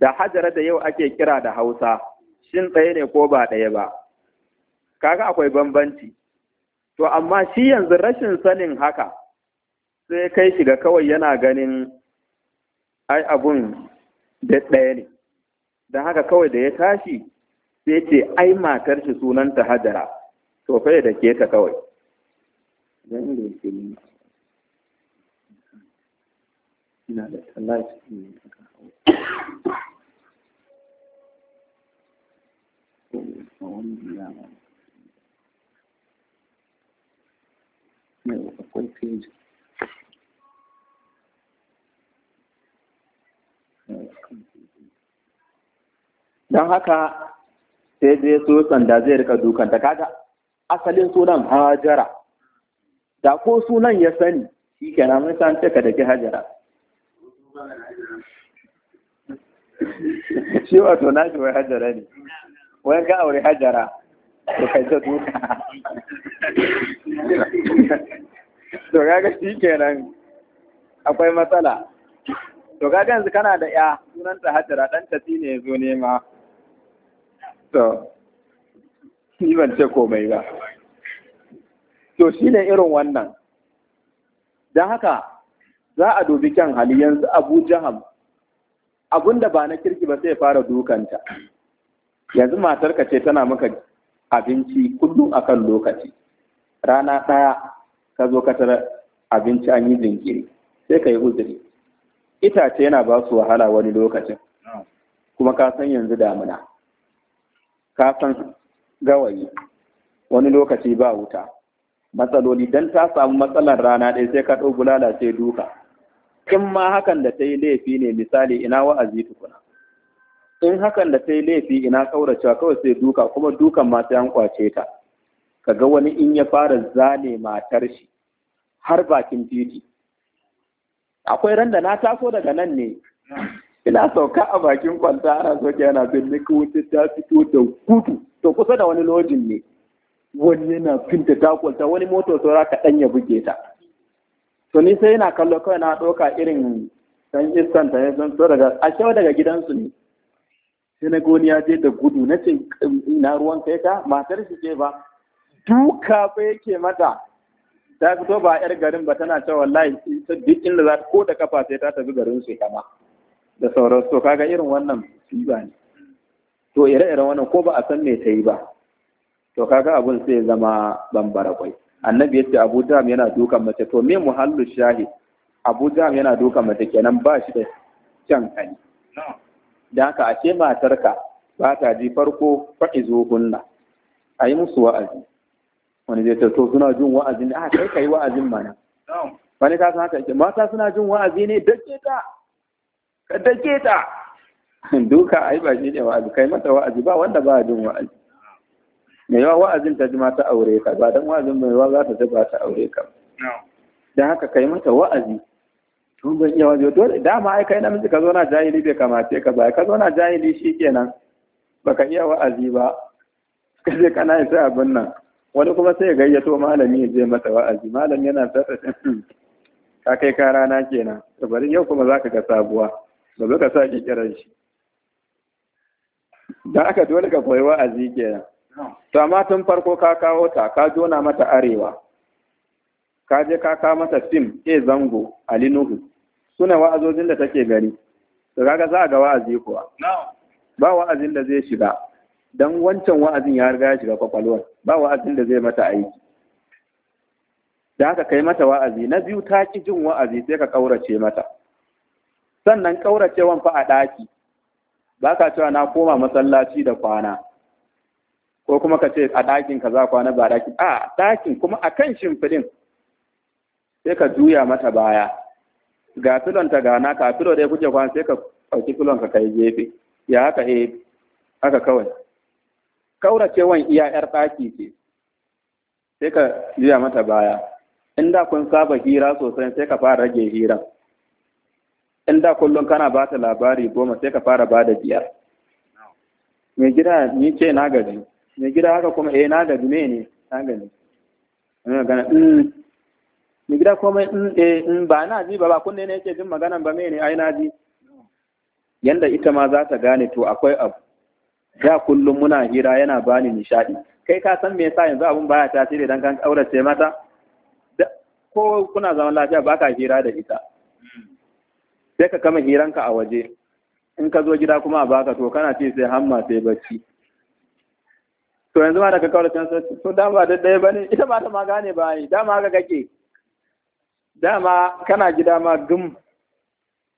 S1: da hajara da yau ake kira da hausa shin tsaye ne ko ba ɗaya ba kaga akwai bambanci To amma shi yanzu rashin sanin haka sai kai shi shiga kawai yana ganin ai abun da ɗaya ne. Don haka kawai da ya tashi sai ce ai matar shi sunanta hajara to fai da ke ta kawai. Ina da ne Meu, akwai page. Don haka sai zai so sanda zai rika dukanta kaga asalin sunan hajara. Da ko sunan ya sani shi kenan mun san teka da ke hajara. Shi wato na shi wai hajara ne. Wai ga aure hajara. To kai ta duka. to kaga shi kenan akwai matsala to kaga yanzu kana da ya sunan ta hajjara dan ta ne zo nema to ni ban ce komai ba to shi ne irin wannan don haka za a dubi kyan hali yanzu abu jaham abinda ba na kirki ba sai fara dukanta yanzu matarka ce tana maka abinci kullum akan lokaci rana ɗaya ka zo ka tara abinci an yi jinkiri sai ka yi uzuri itace yana ba su wahala wani lokacin kuma ka san yanzu damina. ka san gawayi wani lokaci ba wuta matsaloli don ta samu matsalar rana ɗaya sai ka ɗau bulala sai duka in ma hakan da ta yi laifi ne misali ina wa'azi tukuna in hakan da ta yi laifi ina kauracewa kawai sai duka kuma dukan ma sai an kwace ta kaga wani in ya fara zane matar shi har bakin titi akwai randa na taso daga nan ne ina sauka a bakin kwanta ana soke yana bin nika wuce ta fito da gudu to kusa da wani lojin ne wani yana finta ta wani motar saura kaɗan ya buge ta to ni sai yana kallo kawai na ɗauka irin san iskan ta san to daga ashewa daga gidansu ne sai na goni ya je da gudu na ce ina ruwan kai ta, matar shi ce ba duka ba yake mata ta fito ba yar garin ba tana cewa wallahi ita duk inda za ta ko da kafa sai ta tafi garin su kama da sauransu to kaga irin wannan musiba ne to ire-iren wannan ko ba a san me ta yi ba to kaga abun sai zama bambara kwai annabi yace Abu Jam yana dukan mace to me muhallu shahi? Abu Jam yana dukan mace kenan ba shi da can hali da haka ce matarka ba ta ji farko fa'izuhunna ayi musu wa'azi wani zai ta to suna jin wa'azin a ah, kai kai wa'azin mana wani ka san haka yake mata suna jin wa'azi ne dake ta ka dake ta *laughs* duka ai ba shi ne wa'azi kai mata wa'azi ba wanda ba jin wa'azi mai yawa wa'azin ta ji mata ta aure ka ba dan wa'azin mai yawa za ta ji ba ta aure ka dan haka kai mata wa'azi tun ban iya wajen dole dama ai kai namiji ka na jahili bai kamace ka ba ka na jahili shi kenan baka iya wa'azi ba ka je kana isa abin nan wani kuma sai ya gayyato malami ya je masa wa'azi malam yana tsatsa ka kai ka rana kenan to bari yau kuma zaka ga sabuwa ba zaka ka sake kiran shi da aka dole ka koyi wa'azi kenan to amma tun farko ka kawo ta ka jona mata arewa ka je ka kawo mata sim e zango ali nuhu suna wa'azojin da take gari to kaga za a ga wa'azi kuwa ba wa'azin da zai shiga dan wancan wa'azin ya riga ya shiga kwakwalwar ba wa'azin da zai mata aiki da haka kai mata wa'azi na biyu ta ki jin wa'azi sai ka ƙaurace mata sannan ƙauracewan fa a ɗaki ba ka cewa na koma masallaci da kwana ko kuma ka ce a ɗakin ka za kwana ba ɗakin a ɗakin kuma a kan shimfiɗin sai ka juya mata baya ga filonta ga na ka filo dai kuke kwana sai ka ɗauki filon ka kai gefe ya haka e, haka kawai kauracewan iya ‘yar ɗaki ce, sai ka juya mata baya, in da kun saba hira sosai sai ka fara rage hira, in da kullum kana ba ta labari goma sai ka fara ba da biyar. Mai gida ni ce na gaji, mai gida haka kuma eh na gaji ne ne, na gaji. magana in mm. mai gida komai in mm, eh in mm, ba na ji ba ba kunne ne ce jin maganan ba me ne ai na ji. Yanda ita ma za ta gane to akwai abu. Ya kullum muna hira yana bani nishaɗi kai ka san me yasa yanzu abun baya tasiri dan kan aurace mata ko kuna zaman lafiya baka hira da ita sai ka kama hiranka a waje in ka zo gida kuma a baka to kana ce sai hamma sai bacci to yanzu ma da ka kawo can sai to dama da dai bane ita ba ta ma gane ba yi dama ga kake dama kana gida ma gum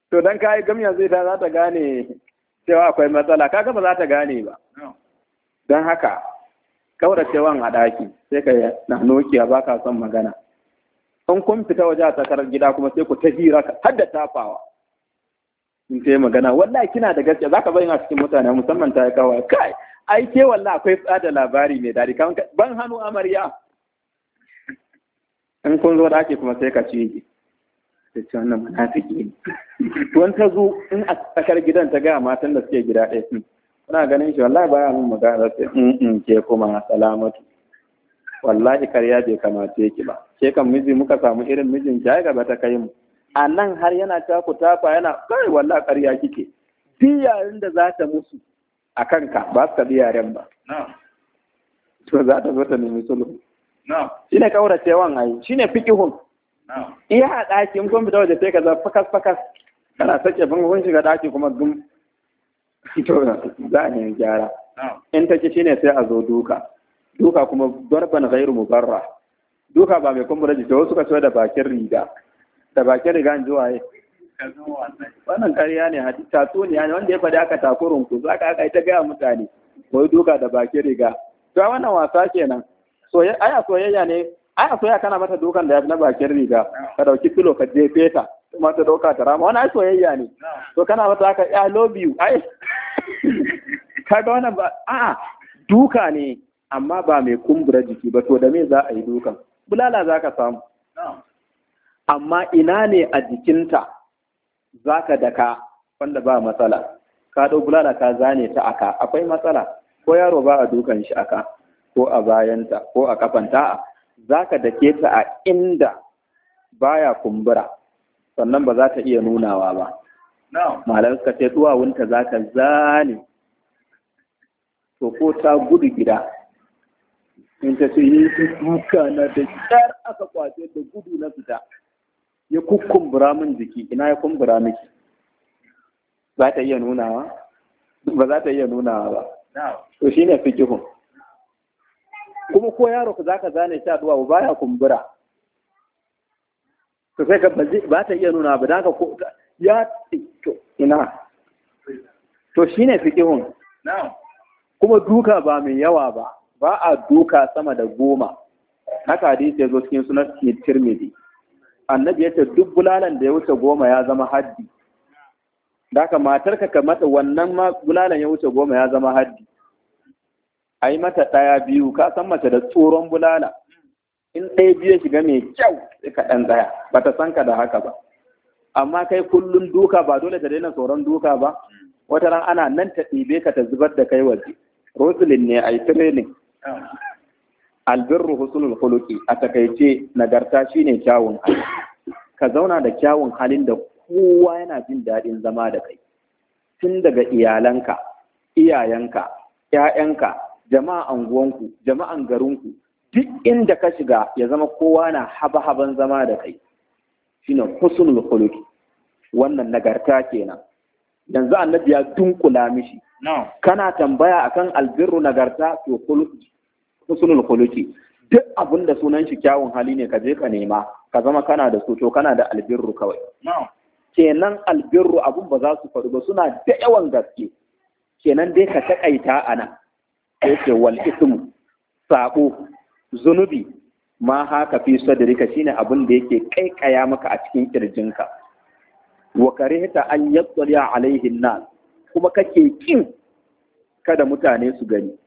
S1: to dan kai gum yanzu ita za ta gane cewa akwai matsala kaga ba za ta gane ba don haka kauracewan a daki sai ka na nokiya ba ka son magana in kun fita waje a tsakar gida kuma sai ku ta hira har da tafawa in ta yi magana wallahi kina da gaskiya ka bari a cikin mutane musamman ta yi kawai kai ai ke wallahi akwai tsada labari mai dadi ban hannu amarya in kun zo ɗaki kuma sai ka cije sai ce wannan munafiki ne don ta zo in a tsakar gidan ta gaya matan da suke gida ɗaya sun suna ganin shi wallahi baya mun magana sai in in ke kuma salamatu wallahi karya bai kamata ki ba ke kan miji muka samu irin mijin ki gaba ta kai mu a nan har yana ta ku tafa yana kai wallahi karya kike duk yaren da za ta musu a kanka ba su ka bi yaren ba to za ta zo ta nemi sulhu shi ne ayi shi ne iya a ɗaki in kun fita waje sai ka zama fakas fakas kana sake ban kun shiga ɗaki kuma gum to za a nemi gyara in ta ci shine sai a zo duka duka kuma darban ghairu mubarra duka ba mai kumbura jikin wasu suka so da bakin riga da bakin riga in ji waye wannan ƙarya ne hadisi tatsuniya ne wanda ya faɗi aka takurin ku za ka aka ita gaya mutane ko duka da bakin riga to wannan wasa kenan soyayya soyayya ne ai soya kana mata dokan da ya na bakin riga ka dauki filo ka je feta kuma ta doka ta rama wani soyayya ne to kana mata haka i love you ai *laughs* ga wannan ba a'a duka ne amma ba mai kumbura jiki ba to da me za a yi dukan bulala za ka samu amma ina ne a jikinta za ka daka wanda ba matsala ka dau bulala ka zane ta aka akwai matsala ko yaro ba a dukan shi aka ko a bayanta ko a kafanta za ka dake ta a inda baya kumbura sannan ba za ta iya nunawa ba malar ka ce duwawunta za ka zane to ko ta gudu gida in ta ce yi su duka na da ƙyar aka kwace da gudu na fita ya kukkumbura min jiki ina ya kumbura miki za ta iya nunawa ba za ta iya nunawa ba to kuma ko yaro ka zaka zane shi a ba ya kumbura to sai ka ba ta iya nuna ba ka ko ya to ina to shine na'am kuma duka ba mai yawa ba ba a duka sama da goma haka hadisi ya zo cikin sunan Tirmidhi annabi ya ce duk bulalan da ya wuce goma ya zama haddi da haka matar ka mata wannan ma bulalan ya wuce goma ya zama haddi a yi mata ɗaya biyu ka san mace da tsoron bulala in ɗaya biyu shiga mai kyau sai ka ɗan tsaya ba ta san ka da haka ba amma kai kullum duka ba dole ta daina tsoron duka ba wata ran ana nan ta ɗibe ka ta zubar da kai waje rosalin ne a yi training albirru husnul khuluqi a takaice nagarta shine kyawun hali ka zauna da kyawun halin da kowa yana jin daɗin zama da kai tun daga iyalanka iyayenka ƴaƴanka jama'a anguwanku jama'an garinku duk inda ka shiga ya zama kowa na haba-haban zama da kai shine husnul khuluqi wannan nagarta kenan yanzu annabi ya dunkula mishi kana tambaya akan albirru nagarta to husnul khuluqi duk abin da sunan shi kyawun hali ne ka je ka nema ka zama kana da su to kana da albirru kawai kenan albirru abun ba za su faru ba suna da yawan gaske kenan dai ka taƙaita a nan yake wal ismu sabo zunubi ma haka fi sadrika shine abin da yake kaikaya maka a cikin kirjinka wa karihta an yatsaliya alaihi nan kuma kake kin kada mutane su gani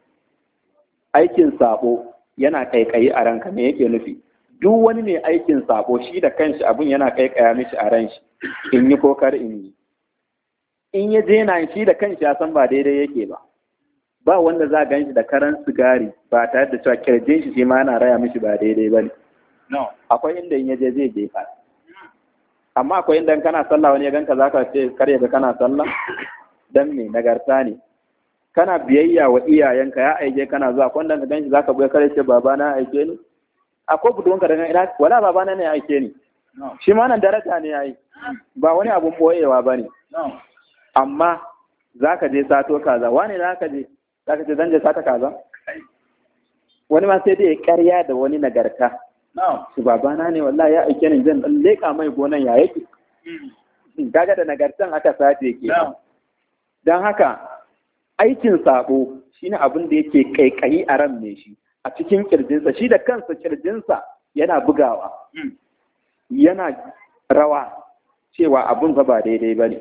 S1: aikin sabo yana kaikayi a ranka me yake nufi duk wani ne aikin sabo shi da kanshi abin yana kaikaya mishi a ran shi in yi kokar in yi in ya je na shi da kanshi ya san ba daidai yake ba ba wanda za a gan shi da karan sigari ba tare da cewa kirjin shi shi ma ana raya mishi ba daidai ba ne akwai inda in yaje zai jefa amma akwai inda kana sallah wani ya ganka za ka ce kar ya ga kana sallah dan me nagarta ne kana biyayya wa iyayenka ya aike kana zuwa akwai inda gan shi za ka buya kar ya ce babana aike ni akwai gudunka daga ina wala babana ne aike ni shi ma nan daraja ne yayi ba wani abun boyewa ne. amma za ka je sato kaza wani za ka je za ka ce zan je sata kaza wani ma sai dai karya da wani nagarta su babana ne wallahi ya aike ni jan dan leka mai gonan ya yake gaga mm. da nagartan aka sace ke dan haka aikin sabo shine abin da yake kaikayi a ran mai shi a cikin kirjinsa shi da kansa kirjinsa yana bugawa mm. yana rawa cewa abin ba daidai ba ne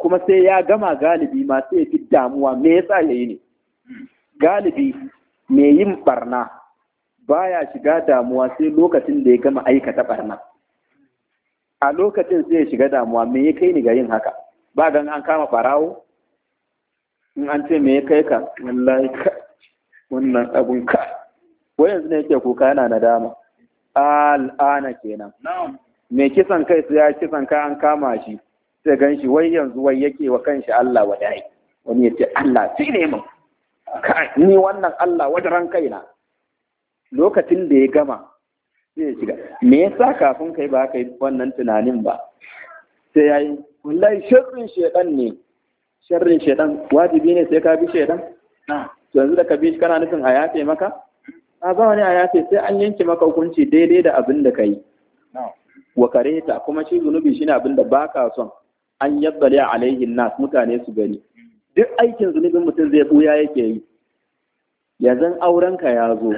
S1: kuma sai ya gama galibi ma sai ya fi damuwa me yasa ya yi ne galibi mai yin barna baya shiga damuwa sai lokacin da ya gama aikata barna a lokacin sai ya shiga damuwa me ya kai ni ga yin haka ba gan an kama barawo in an ce me ya kai ka wallahi ka wannan abun ka wai yanzu ne yake kuka yana nadama al'ana kenan me kisan kai sai ya kisan kai an kama shi sai gan shi wai yanzu wai yake wa kanshi Allah wadai wani ya ce Allah sai ne mun ni wannan Allah ran kaina lokacin da ya gama sai ya shiga me yasa kafin kai ba kai wannan tunanin ba sai yayi wallahi sharrin shedan ne sharrin shedan wajibi ne sai ka bi shedan yanzu da ka bi kana nufin a yafe maka a ba wani a yafe sai an yanke maka hukunci daidai da abin da kai wa kareta kuma shi zunubi shine abin da baka son an yabbali alaihin nas mutane su gani duk aikin zunubin mutum zai buya yake yi ya zan aurenka ya zo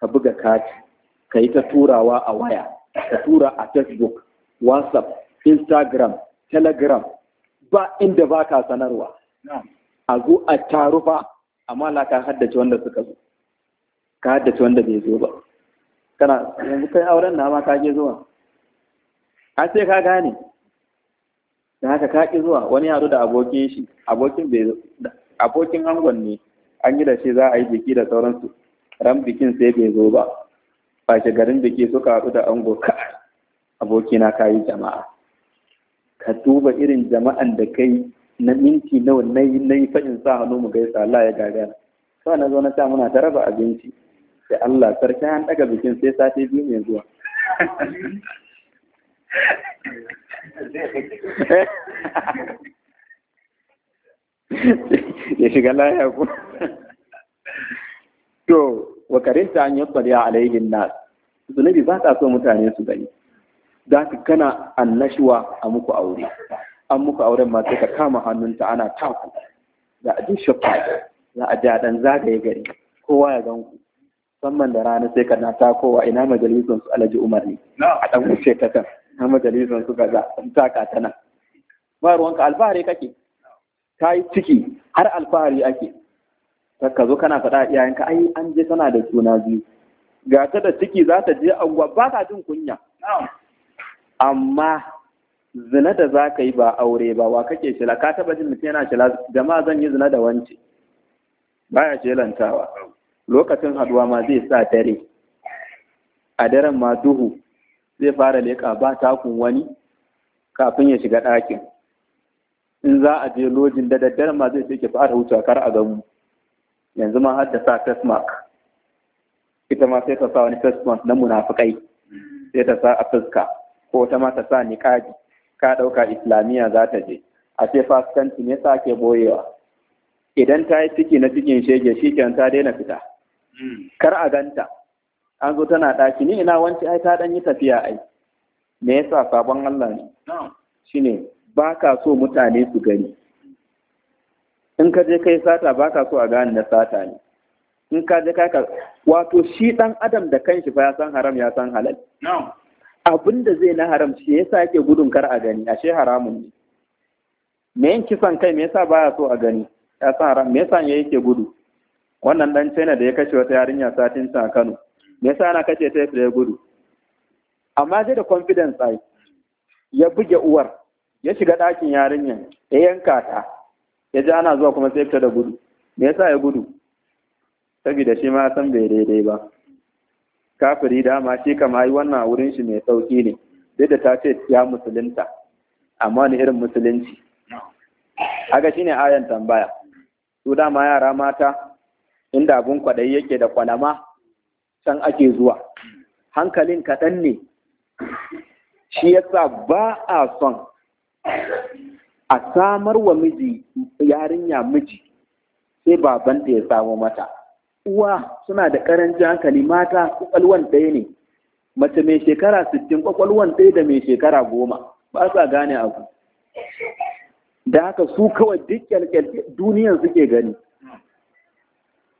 S1: ka buga kati ka yi ta turawa a waya ka tura a facebook whatsapp instagram telegram ba inda ba ka sanarwa a zo a taru fa amma na ka haddace wanda suka zo ka haddace wanda bai zo ba kana yanzu kai auren na ma ka ke zuwa har sai ka gane da haka ka ki zuwa wani ya da abokin shi abokin bai abokin angon ne an yi da shi za a yi biki da sauransu ran bikin sai bai zo ba Ba shi garin biki suka haɗu da ango ka abokina ka yi jama'a ka duba irin jama'an da kai na minti nawa na yi na yi fa'in sa hannu mu gaisa Allah ya gagara kawai na zo na ta muna ta raba abinci da Allah sarki an daga bikin sai sati biyu mai zuwa *laughs* ya shiga laya ku to wa karinta an yabbali Alayhin nas zunubi ba ta so mutane su gani za ka kana annashuwa a muku aure an muku auren ma ka kama hannunta ana taku za a ji shafa za a ja dan zagaye gari kowa ya ganku. ku musamman da rana sai ka na takowa ina majalisun su alaji umarni a ɗan wuce ta kan na majalisar suka taka ta nan ba ruwanka alfahari kake Ta yi ciki har alfahari ake ka zo kana faɗa iyayenka ai an je tana da suna biyu ga ta da ciki za ta je anguwa ba ta jin kunya amma zina da za ka yi ba aure ba wa kake shila ka taba jin mutum yana shila jama'a zan yi zina da wance baya shelantawa lokacin haduwa ma zai sa dare a daren ma duhu zai fara leƙa ba takun wani kafin ya shiga ɗakin in za a je lojin da daddare ma zai ce fara wuce kar a gamu yanzu ma har da sa face mask ita ma sai ta sa wani face mask na munafukai sai ta sa a fuska ko ta ma ta sa niqabi ka ɗauka islamiyya za ta je a ce fasikanci ne sa ke boyewa idan ta yi ciki na cikin shege shi ta daina fita hmm. kar a ganta an zo tana ɗaki ni ina wanci ai ta ɗan yi tafiya ai me yasa sabon Allah ne shine ba ka so mutane su gani in ka je kai sata ba ka so a gane na sata ne in ka je ka wato shi ɗan adam da kanshi fa ya san haram ya san halal abin da zai na haram shi yasa yake gudun kar a gani ashe haramun ne me yin kisan kai me yasa baya so a gani ya san haram me yasa ya yake gudu wannan dan China da ya kashe wata yarinya satin a Kano me yasa ana kashe ta da ya gudu amma dai da confidence ai ya buge uwar ya shiga ɗakin yarinyar ya yanka ta ya ji ana zuwa kuma sai da gudu me yasa ya gudu saboda shi ma san bai daidai ba kafiri dama shi kama yi wannan wurin shi mai sauki ne duk da ta ce ya musulunta amma ni irin musulunci aga shine ayan tambaya su dama yara mata inda abun kwaɗayi yake da kwalama can ake zuwa hankalin kaɗan ne shi yasa ba a son a samar wa miji yarinya miji sai babanta ya samu mata uwa suna da ƙarancin hankali mata kwakwalwan ɗaya ne mace mai shekara sittin kwakwalwan ɗaya da mai shekara goma ba sa gane abu da haka su kawai duk duniyar suke gani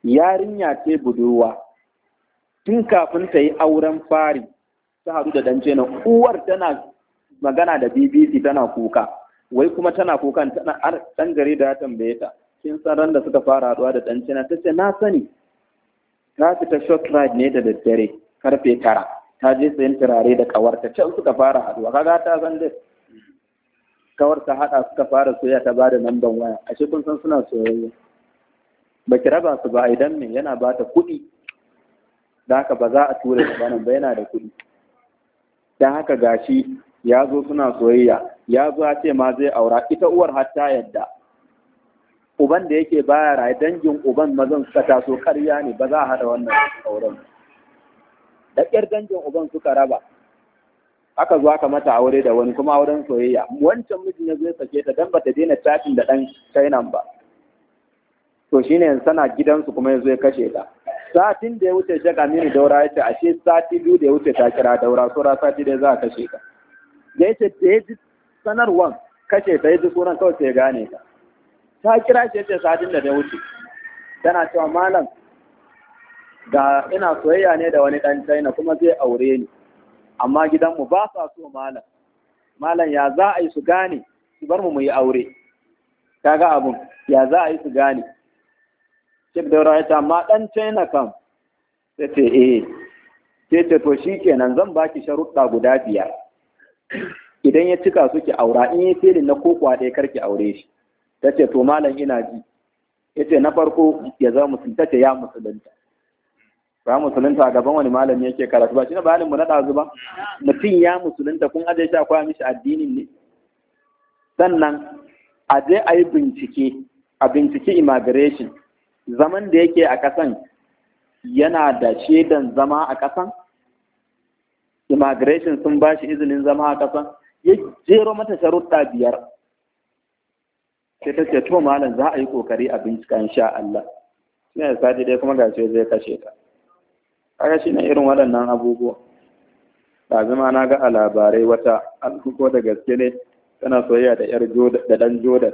S1: yarinya ce budurwa tun kafin ta yi auren fari ta haɗu da dance na uwar tana magana da bbc tana kuka wai kuma tana kuka. tana har ɗan gari da ya tambaye ta kin san ran da suka fara haɗuwa da dance na tace na sani ta fita short ride ne da daddare karfe tara ta je sayan turare da kawarta can suka fara haɗuwa kaga ta san dai kawar ta haɗa suka fara soya ta bada lamban waya ashe kun san suna soyayya ba ki raba su ba idan me yana bata kuɗi da haka ba za a tura shi banan ba yana da kuɗi da haka gashi ya zo suna soyayya ya zo a ce ma zai aura ita uwar har ta yadda uban da yake baya raye dangin uban mazan suka taso karya ne ba za a haɗa wannan auren da ƙyar dangin uban suka raba aka zo aka mata aure da wani kuma auren soyayya wancan mijin ya zo ya sake ta dan bata daina tafin da dan China ba to shine yanzu tana gidansu kuma ya zo ya kashe ta satin da ya wuce jaga mini daura ya ce ashe sati biyu da ya wuce ta kira daura saura sati dai za a kashe ka da ya ce da ya ji sanarwar kashe ta ya ji sunan kawai sai gane ka ta kira shi ya ce satin da ya wuce tana cewa malam ga ina soyayya ne da wani dan China kuma zai aure ni amma gidanmu ba sa so malam malam ya za a yi su gane su bar mu mu yi aure ga abun ya za a yi su gane da Daura ya ce, amma ɗan China kam, ta ce, eh, sai ce to shi kenan zan baki sharuɗa guda biyar. Idan ya cika su ki aura, in yi filin na ko kwa ɗaya karki aure shi. Ta ce, to malam ina ji. Ya ce, na farko ya zama musulun, ta ce ya musulunta. Ba musulunta a gaban wani malami yake karatu ba, shi na bayanin mu na ɗazu ba. Mutum ya musulunta kun aje shi a mishi addinin ne. Sannan, a je a yi bincike, a bincike immigration, zaman da yake a ƙasan yana da shaidan zama a ƙasan immigration sun ba shi izinin zama a ƙasan ya jero mata sharuɗa biyar sai ta ce to malam za a yi ƙoƙari a bincika insha Allah shi ne sati dai kuma gashi zai kashe ta. kaga shi ne irin waɗannan abubuwa ɗazuma na ga a labarai wata an da gaske ne tana soyayya da ƴar da ɗan jodan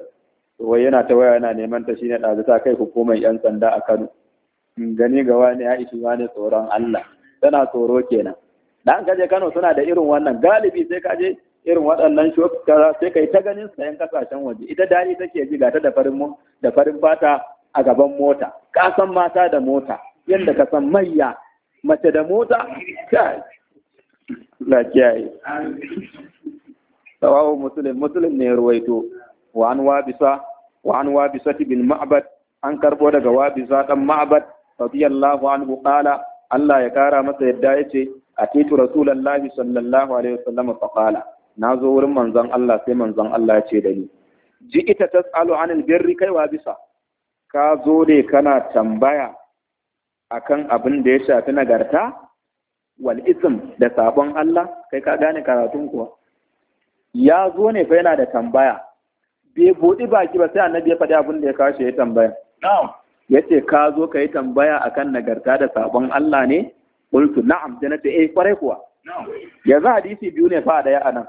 S1: wai yana ta waya yana neman ta shine ɗazu ta kai hukumar yan sanda a Kano gani ga wani ya ishi wani tsoron Allah tana tsoro kenan dan kaje Kano suna da irin wannan galibi sai ka je irin waɗannan shokara sai kai ta ganin sayan kasashen waje ita dani take ji ga ta da farin fata a gaban mota ka san mata da mota yadda ka san mayya mace da mota kai la kiyaye sawahu musulun, musulun ne ruwaito wa wabisa wa wabisa bin ma'bad an karbo daga wabisa dan ma'bad radiyallahu anhu qala Allah ya kara masa yadda yace atitu rasulullahi sallallahu alaihi wasallam fa qala nazo wurin manzon Allah sai manzon Allah yace ce da ni ji ita tasalu anil birri kai wabisa ka zo ne kana tambaya akan abin da ya shafi nagarta wal ism da sabon Allah kai ka gane karatun kuwa ya zo ne fa yana da tambaya bai buɗi baki ba sai annabi ya faɗi abin da ya kawo shi ya tambaya ya ce ka zo ka yi tambaya akan nagarta da sabon Allah ne qultu na'am da na ce kwarai eh, kuwa yanzu hadisi biyu ne fa daya anan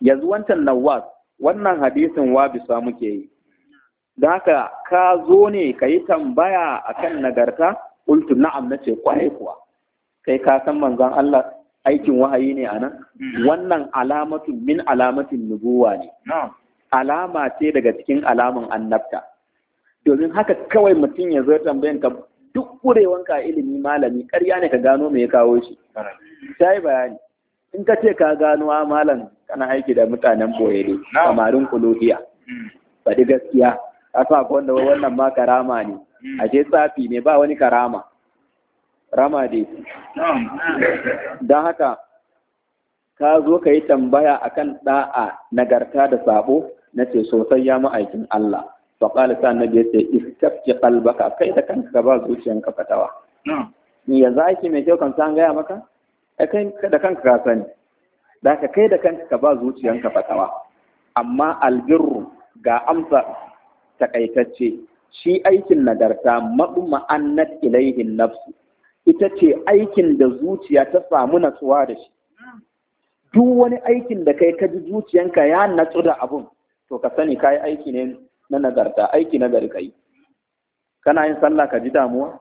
S1: yanzu wancan nawas wannan hadisin wa samu muke yi da haka ka zo ne ka yi tambaya akan nagarta qultu na'am na ce kwarai kuwa kai ka san manzon Allah aikin wahayi ne anan mm-hmm. wannan alamatin min alamatin nubuwa ne alama ce daga cikin alaman annabta domin haka kawai mutum ya zo tambayan ka duk kurewanka a ilimi malami ƙarya ne ka gano me ya kawo shi ta yi bayani in ka ce ka gano a ah, malam kana aiki da mutanen boye ne samarin kulubiya hmm. faɗi gaskiya a sa wanda wannan ma karama ne hmm. ashe tsafi ne ba wani karama rama dai don haka ka zo ka yi tambaya akan ɗa'a nagarta da sabo nace ce sosai ya ma'aikin Allah fa qala sa annabi yace istafti qalbaka kai da kanka ka ba zuciyanka fatawa ya zaki mai kyau kan san gaya maka kai da kanka ka sani da ka kai da kanka ka ba zuciyanka fatawa amma albirru ga amsa takaitacce shi aikin nagarta maɗuma annat ilaihin nafsu ita ce aikin da zuciya ta samu natsuwa da shi duk wani aikin da kai ka ji zuciyanka ya natsu da abun to ka sani kayi aiki ne na nagarta aiki na gari kai kana yin sallah ka ji damuwa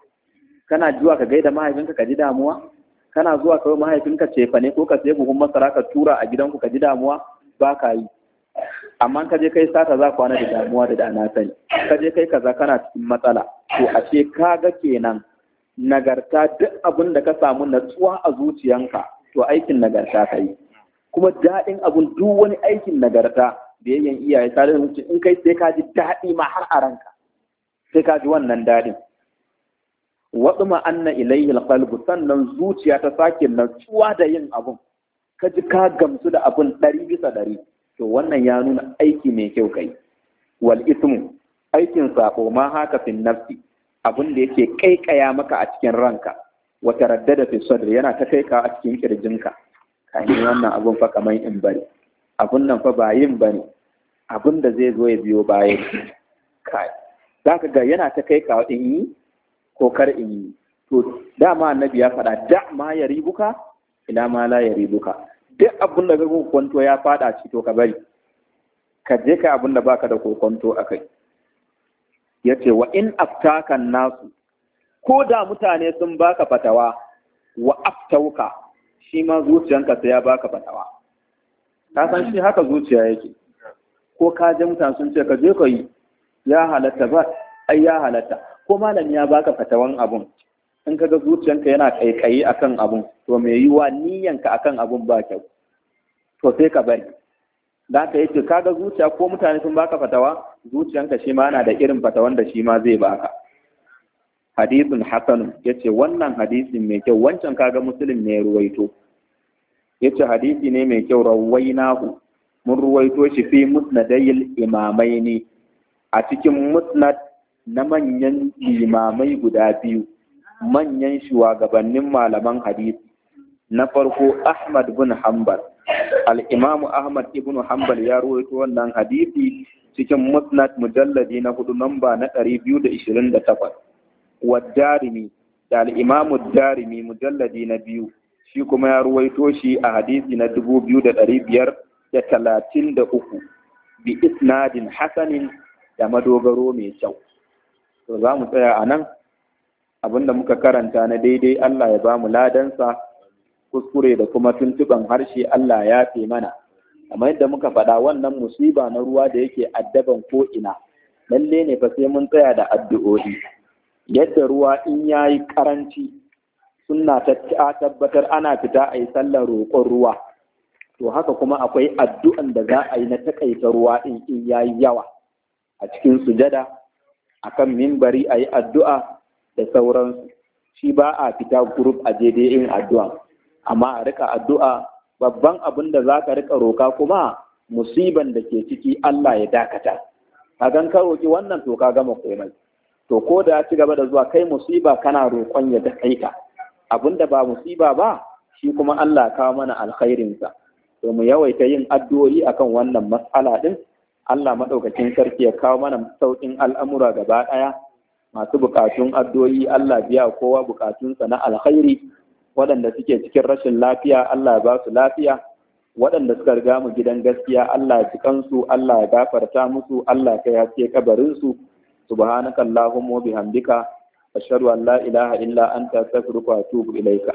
S1: kana zuwa ka gaida mahaifinka ka ji damuwa kana zuwa ka mahaifinka cefa ne ko ka sai buhun masara ka tura a gidanku ka ji damuwa ba ka yi amma ka je kai sata za kwana da damuwa da dana sani ka je kai kaza kana cikin matsala to ashe ga kenan nagarta duk abin da ka samu natsuwa a zuciyanka to aikin nagarta ka yi kuma daɗin abun duk wani aikin nagarta biyayyan iyaye tare da mutum in kai sai ka ji daɗi ma har a ranka sai ka ji wannan daɗin wasu ma'anna ilayhi alqalbu sannan zuciya ta sake natsuwa da yin abun ka ji ka gamsu da abun ɗari bisa ɗari to wannan ya nuna aiki mai kyau kai wal ismu aikin sako ma haka fin nafsi abun da yake kaikaya maka a cikin ranka wata raddada fi sadri yana ta kaika a cikin kirjinka kai wannan abun fa kamar in bari abun nan fa ba yin ba ne abun da zai zo ya biyo baya kai za ka ga yana ta kai kawo in yi ko kar in yi to dama annabi ya faɗa da ma ya ribuka ila ma la ya ribuka duk abun da ka kwanto ya faɗa ci to ka bari ka je ka abun da baka da kwanto a kai ya ce wa in aftakan nasu ko da mutane sun baka fatawa wa aftauka shi ma zuciyanka sai ya baka fatawa ka san shi haka zuciya yake ko ka ji mutane sun ce ka je ka yi ya halatta ba ai ya halatta ko malami ya baka fatawan abun in ka ga zuciyanka yana kaikayi akan abun to me yiwa niyyanka akan abun ba kyau to sai ka bari da ka yace kaga zuciya ko mutane sun baka fatawa zuciyanka shi ma yana da irin fatawan da shi ma zai baka hadisin hasanun yace wannan hadisin mai kyau wancan kaga muslim ne ruwaito yace hadisi ne mai kyau rawainahu mun ruwaito shi fi musnadayil ne. a cikin musnad na manyan limamai guda biyu manyan shugabannin malaman hadisi na farko Ahmad bin Hanbal al-Imam Ahmad ibn Hanbal ya ruwaito wannan hadisi cikin musnad mujalladi na hudu namba na 228 wa da al imamu darimi mujalladi na biyu shi kuma ya ruwaito shi a hadisi na dubu biyu da ɗari biyar da talatin da uku bi isnadin hasanin da madogaro mai kyau to za mu tsaya a nan abinda muka karanta na daidai Allah ya ba mu ladansa kuskure da kuma tuntuɓen harshe Allah ya fi mana kamar yadda muka faɗa wannan musiba na ruwa da yake addaban ko ina lalle ne fa sai mun tsaya da addu'o'i yadda ruwa in yayi karanci sunna ta tabbatar ana fita a yi sallar roƙon ruwa to haka kuma akwai addu'an da za a yi na taƙaita ruwa in in yi yawa a cikin sujada a kan mimbari a yi addu'a da sauransu shi ba a fita group a daidai yin addu'a amma a rika addu'a babban abin da za ka rika roka kuma musiban da ke ciki Allah ya dakata kagan ka roki wannan to ka gama komai to ko da ya ci gaba da zuwa kai musiba kana roƙon ya da kai abinda ba musiba ba shi kuma Allah kawo mana alkhairinsa to mu yawaita yin addu'o'i akan wannan matsala din Allah madaukakin sarki ya kawo mana saukin al'amura gaba ɗaya. masu bukatun addu'o'i Allah biya kowa bukatunsa na alkhairi waɗanda suke cikin rashin lafiya Allah ba su lafiya waɗanda suka riga mu gidan gaskiya Allah ya kansu Allah ya gafarta musu Allah ya kai haske kabarin su subhanakallahumma wa bihamdika ashhadu an la ilaha illa anta astaghfiruka wa atubu ilaika